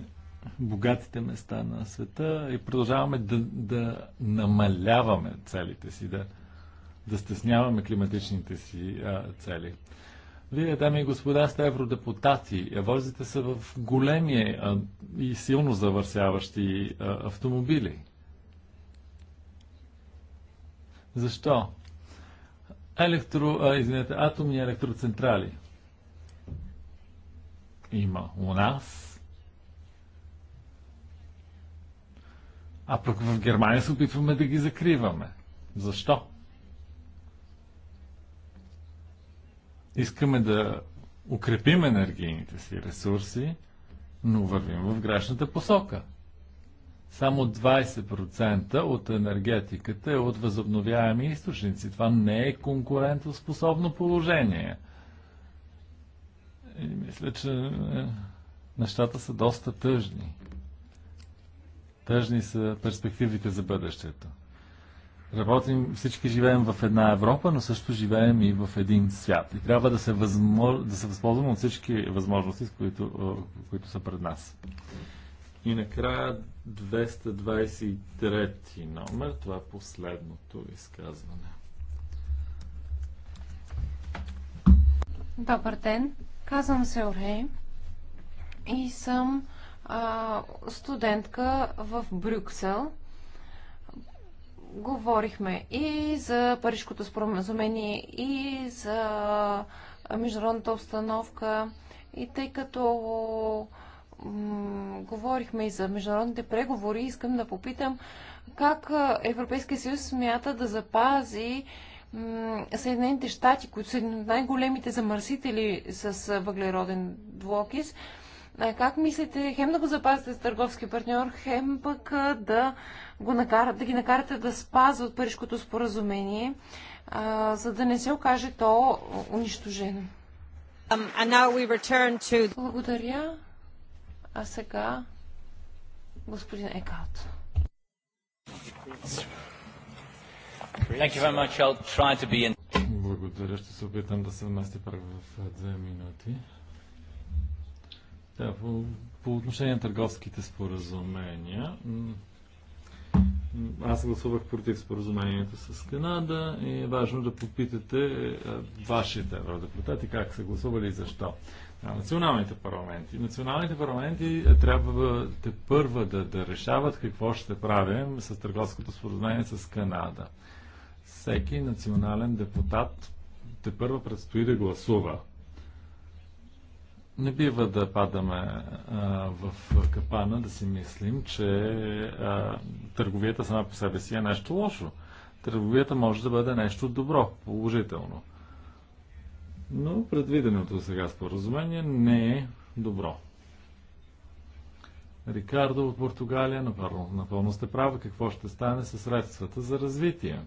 богатите места на света и продължаваме да, да намаляваме целите си, да, да стесняваме климатичните си а, цели. Вие, дами и господа, сте евродепутати. Возите се в големи а, и силно завърсяващи а, автомобили. Защо? Електро, а, извинете, атомни електроцентрали. Има у нас. А пък в Германия се опитваме да ги закриваме. Защо? Искаме да укрепим енергийните си ресурси, но вървим в грешната посока. Само 20% от енергетиката е от възобновяеми източници. Това не е конкурентоспособно положение. И мисля, че е, нещата са доста тъжни. Тъжни са перспективите за бъдещето. Работим, всички живеем в една Европа, но също живеем и в един свят. И трябва да се, възмож... да се възползваме от всички възможности, които, които са пред нас. И накрая 223 номер, това е последното изказване. Добър ден, казвам се Орей и съм а, студентка в Брюксел – говорихме и за Парижкото споразумение, и за международната обстановка. И тъй като говорихме и за международните преговори, искам да попитам как Европейския съюз смята да запази Съединените щати, които са най-големите замърсители с въглероден двуокис, как мислите, хем да го запазите с търговски партньор, хем пък да, го накарат, да ги накарате да спазват Парижкото споразумение, а, за да не се окаже то унищожено? Um, to... Благодаря. А сега господин Екалт. In... Благодаря. Ще се опитам да се вмести пак в две минути. Да, по, по отношение на търговските споразумения, аз гласувах против споразумението с Канада и е важно да попитате е, вашите евродепутати как са гласували и защо. националните парламенти. Националните парламенти е, трябва те първа да, да решават какво ще правим с търговското споразумение с Канада. Всеки национален депутат те първа предстои да гласува не бива да падаме а, в капана да си мислим, че а, търговията сама по себе си е нещо лошо. Търговията може да бъде нещо добро, положително. Но предвиденото сега споразумение не е добро. Рикардо от Португалия, напълно, напълно сте права, какво ще стане с средствата за развитие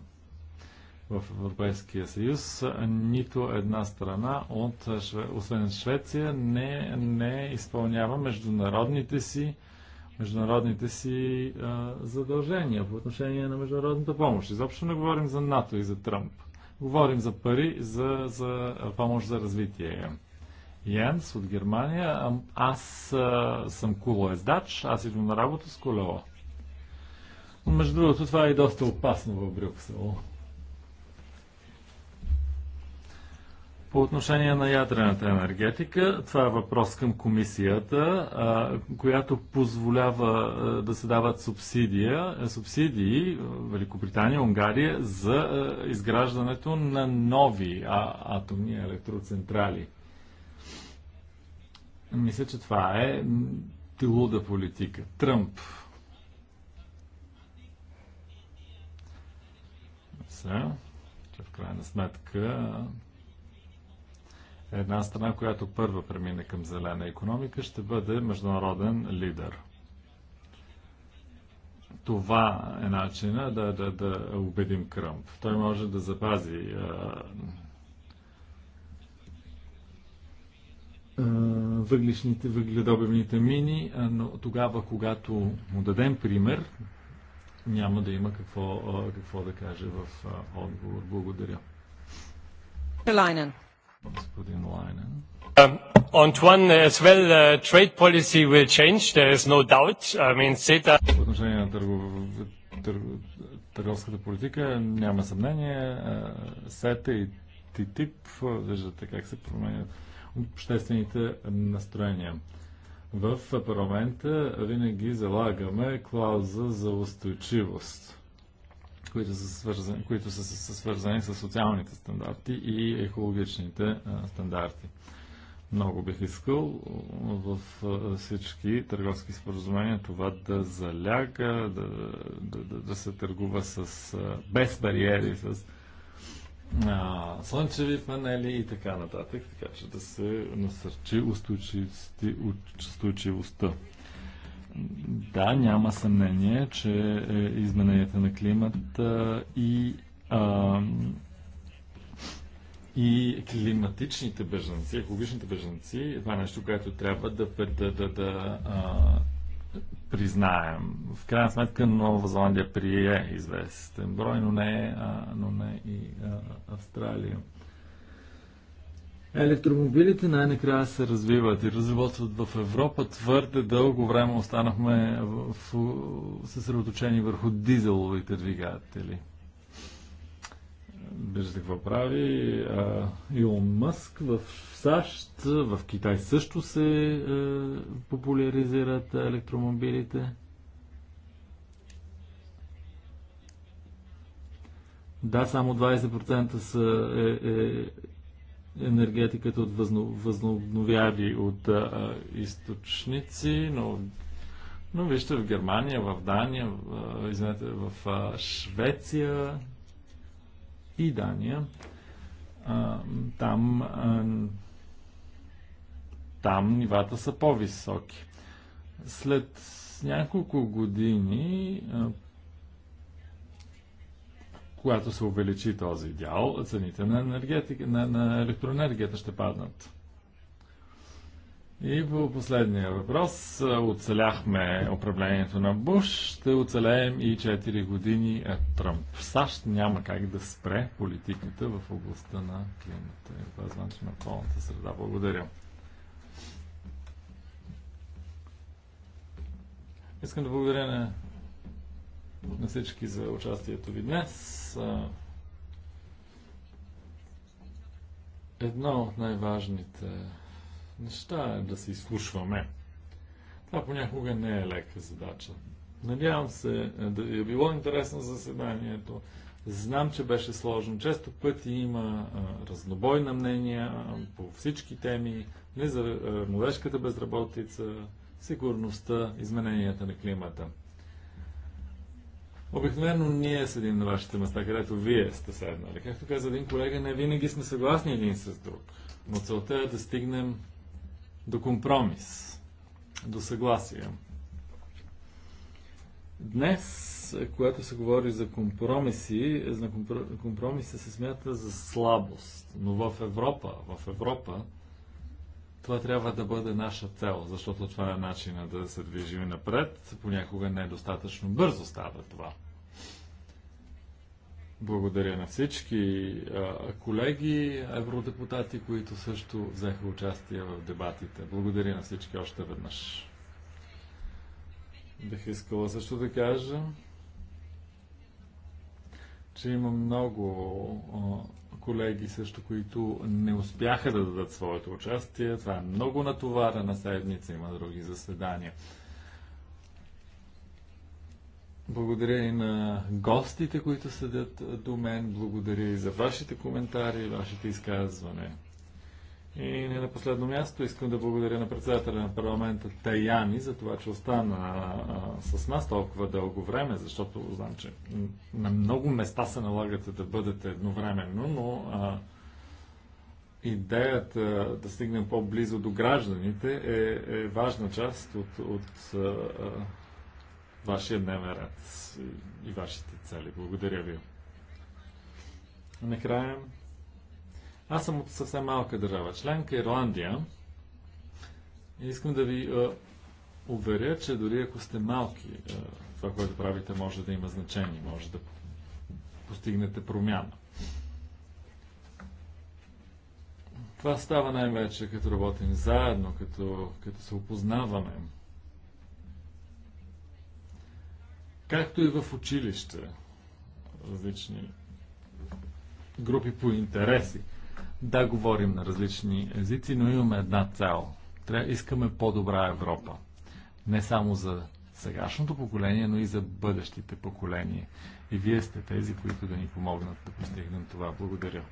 в Европейския съюз, нито една страна, от, освен Швеция, не, не изпълнява международните си, международните си а, задължения по отношение на международната помощ. Изобщо не говорим за НАТО и за Тръмп. Говорим за пари, за, за помощ за развитие. Янс от Германия. Аз а, съм колоездач, аз идвам на работа с колело. Между другото, това е и доста опасно в Брюксел. По отношение на ядрената енергетика, това е въпрос към комисията, която позволява да се дават субсидия, субсидии Великобритания, Унгария за изграждането на нови атомни електроцентрали. Мисля, че това е тилуда политика. Тръмп. Се, че в крайна сметка Една страна, която първа премине към зелена економика, ще бъде международен лидер. Това е начина да, да, да убедим Кръмп. Той може да запази а, въглишните, въгледобивните мини, но тогава, когато му дадем пример, няма да има какво, какво да каже в отговор. Благодаря. Лайнен. Господин Лайнен. On um, as well, uh, trade policy will change, there is no doubt. I mean, CETA... Uh, По отношение на търговската политика няма съмнение. Uh, СЕТА и ТИТИП, виждате как се променят обществените настроения. В парламента винаги залагаме клауза за устойчивост които са свързани, които са, са, свързани с социалните стандарти и екологичните а, стандарти. Много бих искал в всички търговски споразумения това да заляга, да, да, да, да се търгува с, без бариери, с а, слънчеви панели и така нататък, така че да се насърчи устойчивостта. Да, няма съмнение, че е, измененията на климата е, и, а, и климатичните бежанци, екологичните бежанци, това е нещо, което трябва да, да, да, да а, признаем. В крайна сметка Нова Зеландия прие известен брой, но не, а, но не и а, Австралия. Електромобилите най-накрая се развиват и разработват в Европа. Твърде дълго време останахме в, съсредоточени върху дизеловите двигатели. Виждате какво прави а, Илон Мъск в САЩ, в Китай също се популяризират електромобилите. Да, само 20% са, е, е, енергетиката от възно, възобновяви от а, източници, но, но вижте в Германия, в Дания, в, извинете, в а, Швеция и Дания. А, там, а, там нивата са по-високи. След няколко години а, когато се увеличи този дял, цените на, енергетика, на, на електроенергията ще паднат. И по последния въпрос, оцеляхме управлението на Буш, ще оцелеем и 4 години е Тръмп. В САЩ няма как да спре политиката в областта на климата и опазването на околната среда. Благодаря. Искам да благодаря на на всички за участието ви днес. Едно от най-важните неща е да се изслушваме. Това понякога не е лека задача. Надявам се е, да ви е било интересно заседанието. Знам, че беше сложно. Често пъти има а, разнобой на мнения а, по всички теми. Не за а, младежката безработица, сигурността, измененията на климата. Обикновено ние седим на вашите места, където вие сте седнали. Както каза един колега, не винаги сме съгласни един с друг. Но целта е да стигнем до компромис, до съгласие. Днес, когато се говори за компромиси, е за компромиси се смята за слабост. Но в Европа, в Европа, това трябва да бъде наша цел, защото това е начина да се движим напред. Понякога не е достатъчно бързо става това. Благодаря на всички колеги, евродепутати, които също взеха участие в дебатите. Благодаря на всички още веднъж. Бих искала също да кажа, че има много колеги също, които не успяха да дадат своето участие. Това е много натоварена седмица, има други заседания. Благодаря и на гостите, които съдят до мен. Благодаря и за вашите коментари и вашите изказване. И не на последно място искам да благодаря на председателя на парламента Таяни за това, че остана а, с нас толкова дълго време, защото знам, че на много места се налагате да бъдете едновременно, но а, идеята да стигнем по-близо до гражданите е, е важна част от, от а, вашия дневен ред и вашите цели. Благодаря ви. Накрая, аз съм от съвсем малка държава членка, Ирландия. И искам да ви е, уверя, че дори ако сте малки, е, това, което правите, може да има значение, може да постигнете промяна. Това става най-вече като работим заедно, като, като се опознаваме. както и в училище. Различни групи по интереси. Да, говорим на различни езици, но имаме една цел. Трябва, искаме по-добра Европа. Не само за сегашното поколение, но и за бъдещите поколения. И вие сте тези, които да ни помогнат да постигнем това. Благодаря.